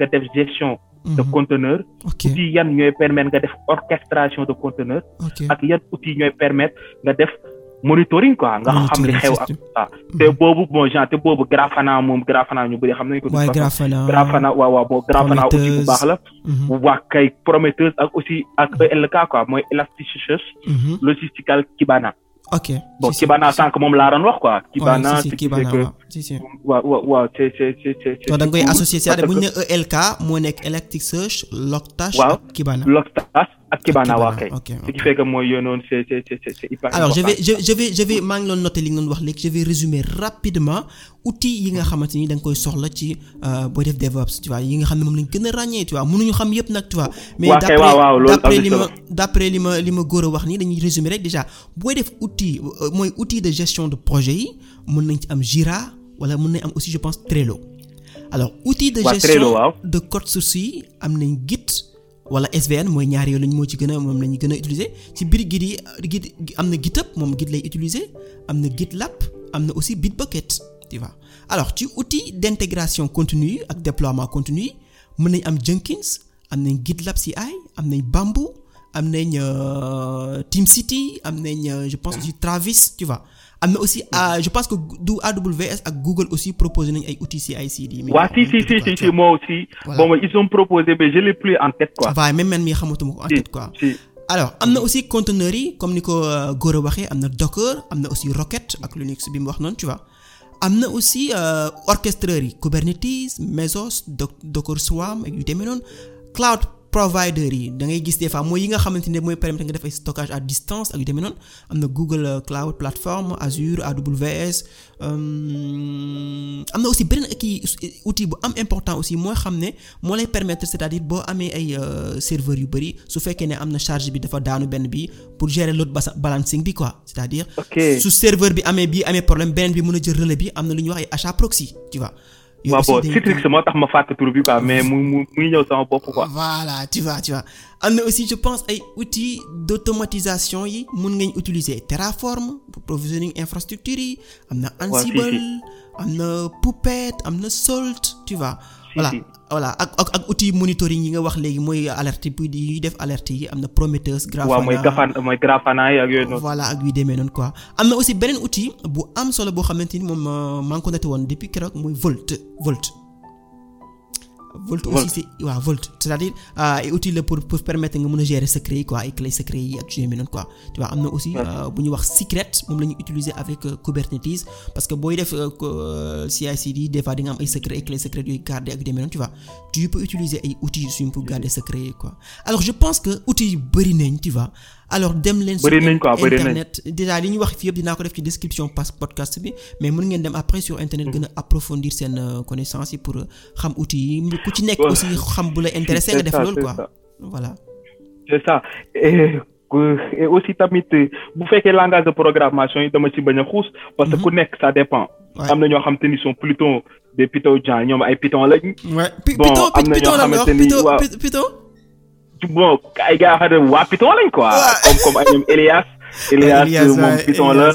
nga def gestion. de conteneur. outil yan ñooy permettre nga def orchestration de conteneur. ak yan outil ñooy permettre nga def. monitoring quoi nga xam li xew ak waaw mm-hmm. te boobu bon genre te boobu Grafana moom Grafana ñu bëri xam nañu ko waaye Grafana waaw waaw bon Grafana aussi bu baax la mm-hmm. waa kay Prometheus ak aussi ak ELK quoi mooy Elasticsearch mm-hmm. Logistical Kibana ok bon Kibana sànq moom laa doon wax quoi Kibana si Kibana waaw waaw waaw c'est c'est c'est donc da nga koy associé si bu ñu ne ELK moo nekk Elasticsearch Logstash ak Kibana Logstash ak Kibana waa kay mooy yooyu noonu c'est c'est c'est hyper important alors je vais je maa ngi doon noté li nga doon wax léegi je vais résumer rapidement outils yi nga xamante ni da koy soxla ci euh, booy def DevOps tu vois yi nga xam ne moom lañ gën a ràññee tu vois mënuñu xam yëpp nag tu vois mais d'après li ma li ma li góor a wax nii dañuy résumer rek déjà booy def outil euh, mooy outil de gestion de projet yi mën nañ ci am Jira wala mun nañ am aussi je pense Trello alors outil de gestion de code source yi am nañ Git wala SVN mooy ñaar yooyu lañ moo ci gën a moom lañu gën a ci biir Git yi Git am na GitHub moom Git lay utiliser am na git GitLab am na aussi Bitbucket tu vois alors ci outil d'intégration continue ak déploiement continu mën nañ am Jenkins am nañ GitLab CI am nañ Bamboo am nañ euh, Teamcity am nañ euh, je pense ah. aussi Travis am ah, na aussi ah, je pense que du AWS ak Google aussi proposé nañu ay outils CI/CD. waaw si si si si si aussi. voilà bon ils en tête quoi. waaw même man mii xamatuma ko en tête alors am na aussi conteneurs yi comme ni ko euh, Gora waxee am na Docker am na aussi Rocket ak Linux bi mu wax noonu tu vois. am na aussi euh, orchestreurs yi Kubernetes Mesos Docker Swarm ak yu demee noonu cloud. provider yi da ngay gis des fois mooy yi nga xamante ne mooy permettre nga def ay stockage à distance ak yu demee noonu am na Google euh, Cloud plateforme Azure AWS euh, am na aussi beneen kii outil bu am important aussi moo xam ne moo lay permettre c'est-à-dire boo amee ay euh, serveur yu bari su fekkee ne am na charge bi dafa daanu benn bi pour gere load balancing bi quoi c'est-à-dire. su serveur bi amee bii amee problème beneen bi mën a jël relais bi am na lu ñuy wax ay achat proxy tu waaw bon Citrix moo tax ma fàtte tur bi quoi mais mu mu muy ñëw sama bopp quoi. voilà tu vois tu vois am na aussi je pense ay outils d'automatisation yi mun ngeen utiliser Terraform pour provisioning infrastructure yi am na. Ansible am na Puppet am na Salt tu vois. voilà voilà ak ak ak outil monitoring yi nga wax léegi mooy alerte bi di def alerte yi am na Prometheus. Grafana waaw yi ak yooyu noonu. voilà ak yu demee noonu quoi am na aussi beneen outil bu am solo boo xamante ni moom euh, ma ngi ko nati woon depuis keroog mooy Volt Volt. Vault aussi si waaw Vault c'est-à-dire euh, et outil la pour permettre nga mën a gérer secret yi quoi et clé secret yi ak jumé noonu quoi tu am na aussi euh, bu ñu wax secret moom la utiliser avec euh, Kubernetes parce que booy def CI/CD des fois di nga am ay secret et clé secret yooyu garder ak jumé noonu tu vois tu peux utiliser ay outils suñu pour garder secret yi quoi alors je pense que outils yi nañ tu vois alors dem leen. bëri nañ quoi bëri nañ internet déjà li ñuy wax fii yëpp dinaa ko def ci description pas podcast bi mais mën ngeen dem après sur internet mm. gën a approfondir seen euh, connaissance yi pour euh, xam outils yi ku ci nekk aussi xam bu la intéressé nga def loolu quoi voilà. c'est ça euh, aussi tamit bu fekkee langage de programmation yi dama ci bañ a xuus. parce que mm-hmm. ku nekk ça dépend. am na ñoo xam te ni sont plutôt des Python ñoom ay Python lañ. bon am na ñoo xamante bon ay gars yoo xam ne waa Python lañ quoi. comme comme ay ñoom Elias. Elias moom Python la.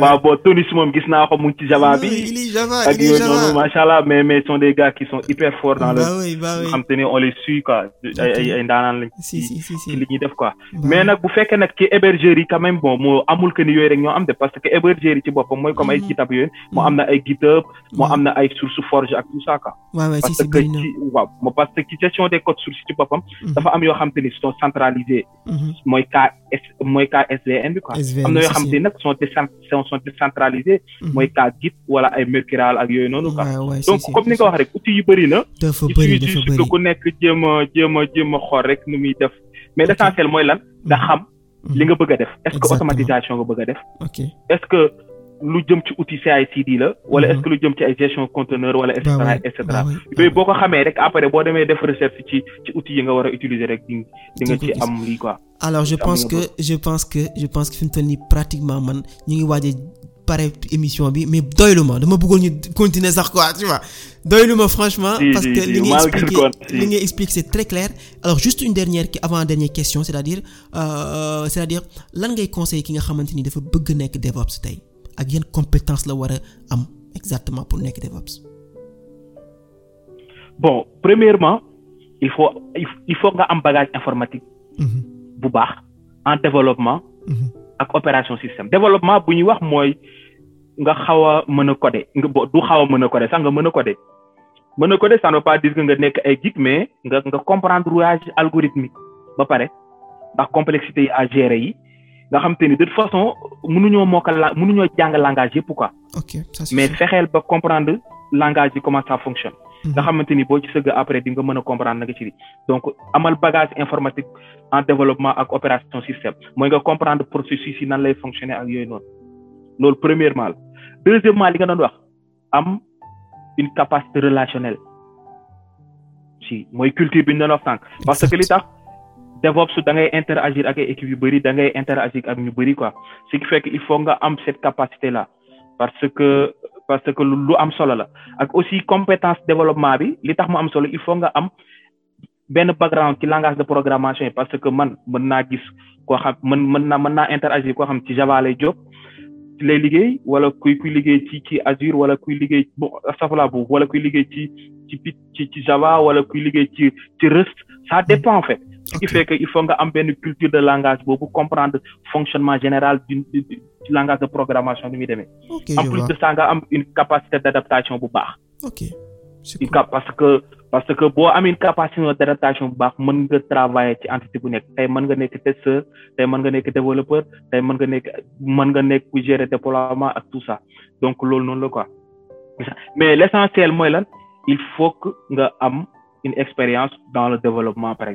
waaw boo Tony si moom gis naa ko mu ngi ci Java bi. il est Java il est Java ak yooyu noonu macha allah mais mais sont des gars xam te ne on les suit quoi. ay ay ay ndaanaan lañ. si si si si li ñuy def quoi. mais nag bu fekkee nag ci hébergeurs yi quand même bon moo amul que ni yooyu rek ñoo am de parce que hébergeurs yi ci boppam mooy comme ay mm-hmm. GitHub yooyu. moo am mm-hmm. na ay GitHub. moo am na mm-hmm. ay source forge ak tout ça quoi. waaw waaw si si bëri na waaw parce que ci gestion des codes sources am yoo xam te ni sont centralisés. mooy KS mooy KSVN bi quoi. am na yoo xam te ni nag sont informations sont décentralisées. Mhm. mooy cas wala ay Mercurial ak yooyu noonu. quoi donc comme ni nga wax rek outils yu bëri na. nekk jéem a jéem a xool rek nu muy def. mais l'essentiel mooy lan nga mhm. xam. li nga bëgg a def. est-ce que automatisation nga bëgg def. est-ce que lu jëm ci outil CICD la. wala est-ce que lu jëm ci ay gestion conteneur wala et cetera yooyu boo ko xamee rek après boo demee def recherche ci ci yi nga war a utiliser rek di ci am lii quoi. alors pense que je pense que je pense que fi mu toll nii man ñu ngi waaj pare bi mais doylu ma dama bëggoon ñu continuer sax quoi tu vois li ngay expliqué li alors juste une dernière avant dernière question c'est-à-dire euh, lan ngay conseil ki nga xamante ni dafa bëgg nekk DevOps tey ak yan compétence la war a am exactement pour nekk DevOps. bon premièrement il faut il faut nga am bagage informatique. Mhm. bu baax en développement. Mhm. ak opération système développement bu ñuy wax mooy nga xaw a mën a coder nga du xaw a mën a coder sax nga mën a coder. mën a coder ça ne veut pas nga nekk ay geek mais nga nga comprendre rouage algorithmique ba pare ndax complexité yi à gérer yi. nga xam te ni de toute façon mënuñoo mokkal la mënuñoo jàng langage yëpp quoi. mais fexeel ba comprendre langage yi comment ça fonctionne. Mhm. nga xamante ni boo ci sëgg après di nga mën a comprendre na nga ci di donc amal bagage informatique en développement ak opération système mooy nga comprendre processus yi nan lay fonctionner ak yooyu noonu loolu premièrement la deuxièmement li nga doon wax am une capacité relationnelle si mooy culture bi ñu doon wax DevOps da ngay interagir ak ay équipes yu bëri da ngay interagir ak ñu bëri quoi ce qui fait que il faut nga am cette capacité la parce que parce que lu am solo la ak aussi compétence développement bi li tax mu am solo il faut nga am benn background ci langage de programmation yi parce que man mën na gis koo xam mën mën naa mën naa interagir koo xam ci Java lay job lay liggéey wala kuy kuy liggéey ci ci Azure wala kuy liggéey bon safala bu wala kuy liggéey ci ci ci ci Java wala kuy liggéey ci ci Rust ça ce qui fait que il faut nga am benn culture de langage boobu comprendre fonctionnement général du langage de programmation ni muy demee. en plus de ça nga am une capacité d' adaptation bu baax. ok parce que parce que boo amee une capacité d' adaptation bu baax mën nga travailler ci entité bu nekk tey mën nga nekk testeur tey mën nga nekk développeur tey mën nga nekk mën nga nekk ku gérer déploiement ak tout ça donc loolu noonu la quoi mais l' essentiel mooy lan il faut que nga am une expérience dans le développement par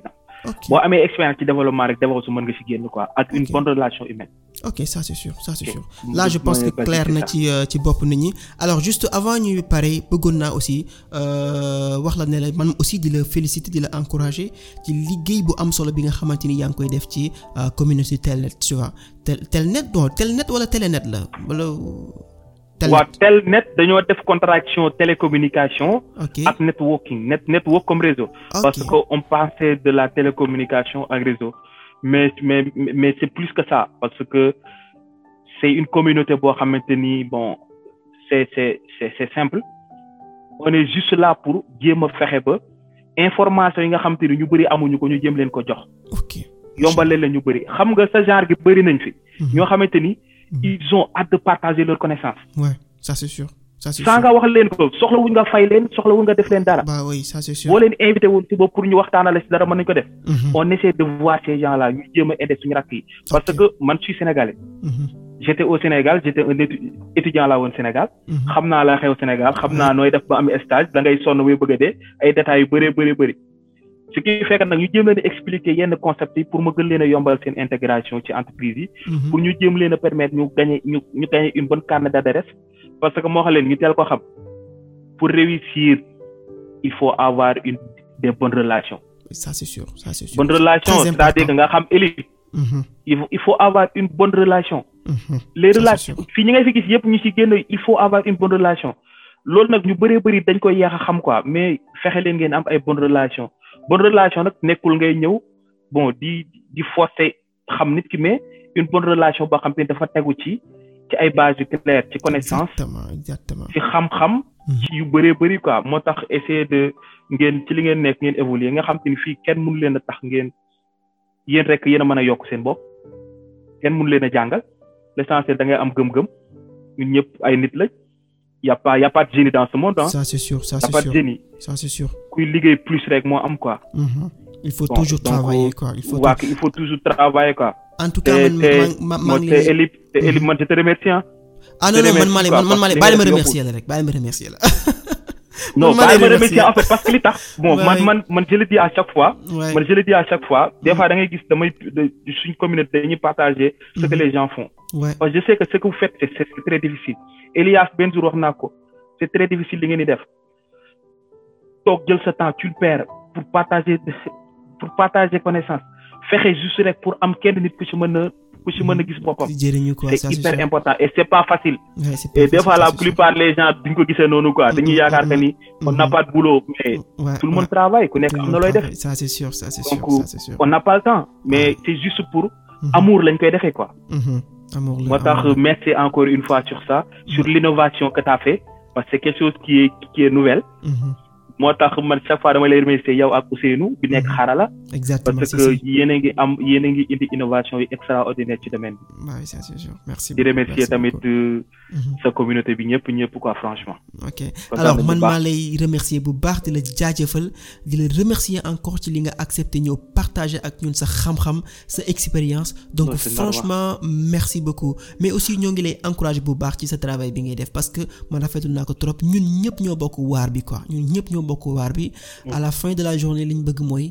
boo amee expérience ci développement rek développement su mën nga si génn quoi ak une bonne relation humaine. ok ça c'est sûr ça c'est sûr là je pense que clair na ci euh, ci bopp nit ñi alors juste avant ñuy pare bëggoon naa aussi euh, wax la ne la man aussi di la féliciter di la encourager ci liggéey bu am solo bi nga xamante ni yaa ngi koy def ci euh, communauté Telnet tu vois Telnet non Telnet wala Telenet la wala. waaw Telnet dañoo def contraction télécommunication ak networking net network comme réseau parce que on passait de la télécommunication ak réseau mais mais mais c'est plus que ça parce que c'est une communauté boo xamante ni bon c'est c'est c'est c'est simple on est juste là pour jéem a fexe ba information yi nga xamante ni ñu bëri amuñu ko ñu jéem leen ko jox yombal leen la ñu bëri xam nga sa genre gi bëri nañ fi mhm. ñoo xamante ni Mhm. ils ont hâte de partager leurs connaissances. Ouais, ça c'est sûr. ça c'est sûr saa nga wax leen ko soxlawuñ nga fay leen soxlawuñ nga def leen dara. bah oui ça c'est sûr boo leen invité woon si boobu pour ñu waxtaanale si dara mën nañu ko def. Mhm. on essaie de voir ces gens là ñu jéem a aider parce que man je suis sénégalais. Mhm. au Sénégal étudiant laa woon Sénégal. xam naa la xew Sénégal xam naa nooy def ba am stage da ngay sonn bay bëgg a dee ay détails yu bëree bëri bëri. ce qui fait que nag ñu jéem expliqué a expliquer yenn concepts yi pour ma gën leen a yombal seen intégration ci entreprise yi. Mhm. pour ñu jéem leen a permettre ñu gagner ñu ñu gagner une bonne carte d'adresse parce que moo xam leen ñu teel ko xam pour réussir il faut avoir une des bonnes relations. ça c'est sûr ça c'est relation cest nga xam élite. Mhm. il faut une bonne relation. Mhm. les relations fii ñi ngay fi gis yëpp ñu ci génn il faut avoir une bonne relation. loolu nag ñu bëree bëri dañ koy yàq xam quoi mais fexe leen ngeen am ay bonnes relations. bonne relation nag nekkul ngay ñëw bon di di forcé xam nit ki mais une bonne relation boo xam te dafa tegu ci ci ay bases yu claires ci connaissance. exactement exactement ci xam-xam. Mhm. ci yu bëree bëri quoi moo tax de ngeen ci li ngeen nekk ngeen évoluer nga xam te ni fii kenn mënu leen a tax ngeen yéen rek yéen a mën a yokk seen bopp kenn mënu leen a jàngal l'essentiel da ngay am gëm-gëm ñun ñëpp ay nit lañ. y' a pas y' a pas de génie dans ce monde ah. ça c' est sûr ça c' est sûr y' a pas de génie. ça c' est sûr kuy liggéey plus il faut toujours travailler quoi il faut. il faut toujours en tout cas man man te Elip te Elip mm-hmm. man je te remercie ah. ah non non man maa leen man maa leen bàyyi ma (laughs) non bàyyi ma remercier en fait parce que li tax bon man man man je le dis à chaque fois man je le dis à chaque fois des fois da ngay gis damay suñ communauté dañuy partager ce que mm-hmm. les gens font je sais que ce que vous faites c'est très difficile Elias benn jour wax naa ko c'est très difficile li ngeen di def toog jël sa temps tu le perds pour partager (laughs) pour partager connaissance fexe juste rek pour am kenn nit ku ci mën ku si mën a gis boppam c'est hyper important et c'est pas facile et des fois la plupart les gens duñ ko gisee noonu quoi dañuy mm-hmm, yaakaar que ni mm-hmm. on n'a pas de boulot mais mm-hmm. tout le monde travaille ku nekk am na looy def ça c'est sûr ça c'est sûr donc on n'a pas le temps mais c'est juste pour amour lañ koy defee quoi amour moo tax merci encore une fois sur ça sur l'innovation que chose qui est qui moo tax man chaque fois dama lay remercier yow ak Ousseynou bi nekk xarala. Mhm. exactement parce a ngi am yéen a ngi indi innovation yi extraordinaire ci domaine bi. waaw c'est sûr merci euh, mhm. bi ñëpp ñëpp quoi franchement. ok alors man bu baax di la jaajëfal di la remercier encore ci li nga accepté ñëw partager ak ñun sa xam-xam sa expérience. donc franchement merci beaucoup. mais aussi ñoo ngi lay encourager bu baax ci sa travail bi ngay def parce que man rafetlu naa ko trop ñun ñëpp ñoo bokk waar bi quoi ñun ñëpp ñoo bokk waar bi mm. à la fin de la journée li ñu bëgg mooy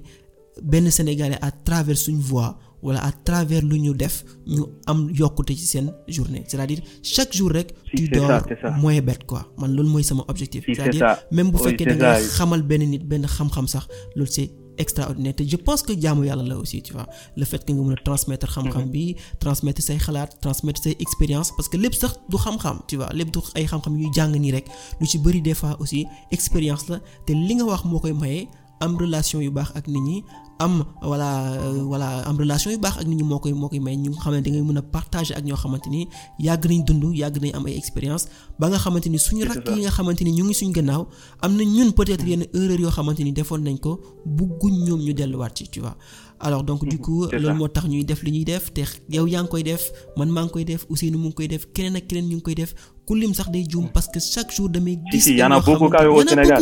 benn sénégalais à travers suñu voix wala à travers lu ñu def ñu am yokkute ci seen journée c'est-à-dire chaque jour rek tu dors moins bête quoi man loolu mooy sama objectif c'est-à-dire même bu fekkee da xamal benn nit benn xam-xam sax loolu c'est extraordinaire te je pense que jaamu yàlla la aussi tu vois le fait nga mën a transmettre xam-xam mhm. bi transmettre say xalaat transmettre say expérience parce que lépp sax du xam-xam tu vois lépp du ay xam-xam yuy jàng nii rek lu ci bëri des fois aussi expérience la te li nga wax moo koy maye am relation yu baax ak nit ñi am voilà euh, voilà am relation yu baax ak nit ñi moo koy moo koy may ñu nga xamante ngay mën a partager ak ñoo xamante ni yàgg nañ dund yàgg nañ am ay expérience ba nga xamante ni suñu rakk yi nga xamante ni ñu ngi suñ gannaaw am na ñun peut-être yenn erreur yoo xamante ni defoon nañ ko bugguñ ñoom ñu delluwaat ci tu vois alors donc du mm-hmm. coup loolu moo tax ñuy def li ñuy def te yow yaa ngi koy def man maa ngi koy def aussi Ousseynou mu ngi koy def keneen ak keneen ñu ngi koy def ku lim sax day juum parce que chaque jour damay. gis y en a beaucoup quand même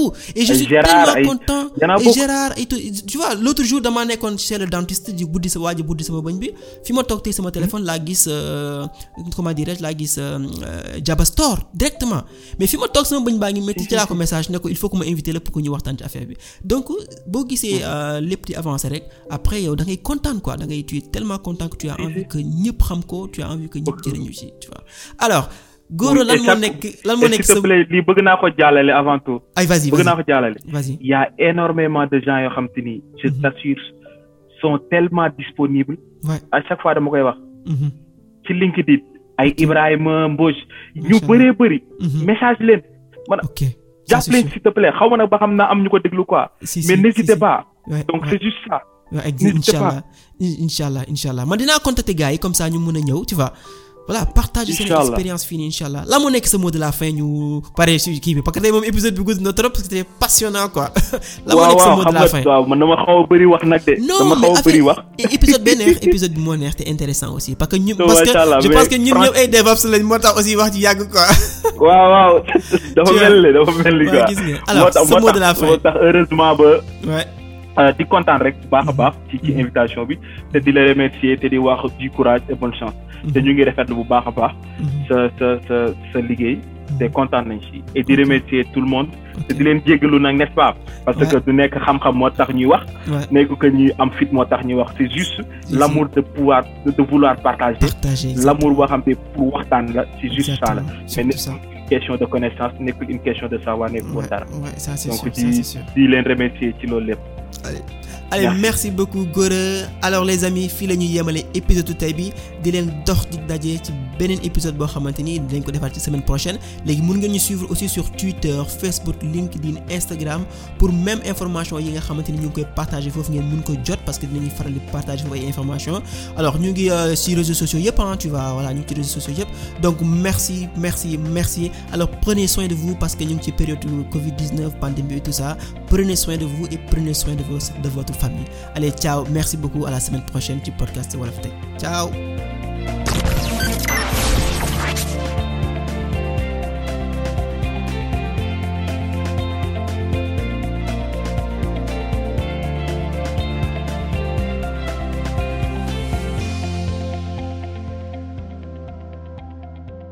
je suis tellement content et Gérard et tout tu vois jour damaa nekkoon chez le dentiste di buddi sa waa ji buddi sama bañ bi fi ma toog tey sama téléphone laa gis euh, comment dirais-je laa gis euh, Jabastor directement mais fi ma toog sama bañ baa ngi métti ci laa ko (laughs) message ne ko il faut que ma invité la pour que ñu waxtaan ci affaire bi donc boo gisee mm. euh, lépp di avancer rek après yow da ngay kontaan quoi da ngay tu es tellement content que tu as mm-hmm. ko Gora lan moo nekk lan moo nekk s'il te lii bëgg naa ko jàllale avant tout. ay vas bëgg naa ko jàllale. vas-y y a énormément de gens yoo xam te ni je mhm. t'assure sont tellement disponibles. à chaque fois dama koy wax. Mhm. ci LinkedIn ay Ibrahima Mbodj. ñu bëree bëri. Mhm. message leen. man jàpp leen s'il te plaît xaw ma nag ba xam naa am ñu ko déglu quoi. mais n'hésitez pas. donc c'est juste ça. n'hésitez pas waaw incha allah incha allah incha man dinaa contacter gars yi comme ça ñu mën a ñëw ci vois. voilà partage seen expérience fii nii incha allah la moo nekk sa mot de la fin ñu pare si kii bi parce que tey moom épisode bi gudd na trop parce que c'était passionnant quoi. la (laughs) moo nekk sa mot de la fin waaw man dama xaw a bëri wax nag de. dama xaw a bëri wax non mais (laughs) épisode bee neex épisode bi moo neex te intéressant aussi parce que ñun. parce que je pense que ñun ñëpp ay DevOps lañ moo tax aussi wax ci yàgg quoi. (laughs) waaw waaw dafa mel ni dafa mel ni quoi. gis nga alors sa mot de la fin moo tax heureusement ba. Euh, di kontaan rek bu baax a mhm. baax. ci ci mhm. invitation bi te di la remercier te di wax du courage et bonne chance. Mm-hmm. te ñu ngi rafetlu bu baax a baax. Mm-hmm. sa sa sa sa liggéey. de mm-hmm. kontaan nañ ci et di remercier tout le monde. te di leen jéggalu nag n'est-ce pas. parce que du nekk xam-xam moo tax ñuy wax. nekk que ñuy am fit moo tax ñuy wax c'est juste. l'amour de pouvoir de vouloir partager. l'amour boo xam ne pour waxtaan la c'est juste ça la. mais nekkul une question de connaissance nekkul une question de savoir nekkul dara. donc di di leen remercier ci loolu lépp. allez alors les amis fii la ñuy yemale épisode tey bi di leen dox di daje ci beneen épisode boo xamante ni dinañ ko defaat ci semaine prochaine léegi mun ngeen ñu suivre aussi sur Twitter Facebook LinkedIn Instagram pour même information yi nga xamante ni ñu ngi koy partager foofu ngeen mun ko jot parce que dinañuy faral di partager foofu ay information alors ñu ngi euh, ci réseaux sociaux yëpp ah tu vois ñu ngi ci réseaux sociaux yëpp donc merci merci merci famille allez ciao merci beaucoup à la semaine prochaine ci podcast Wolof Tech ciao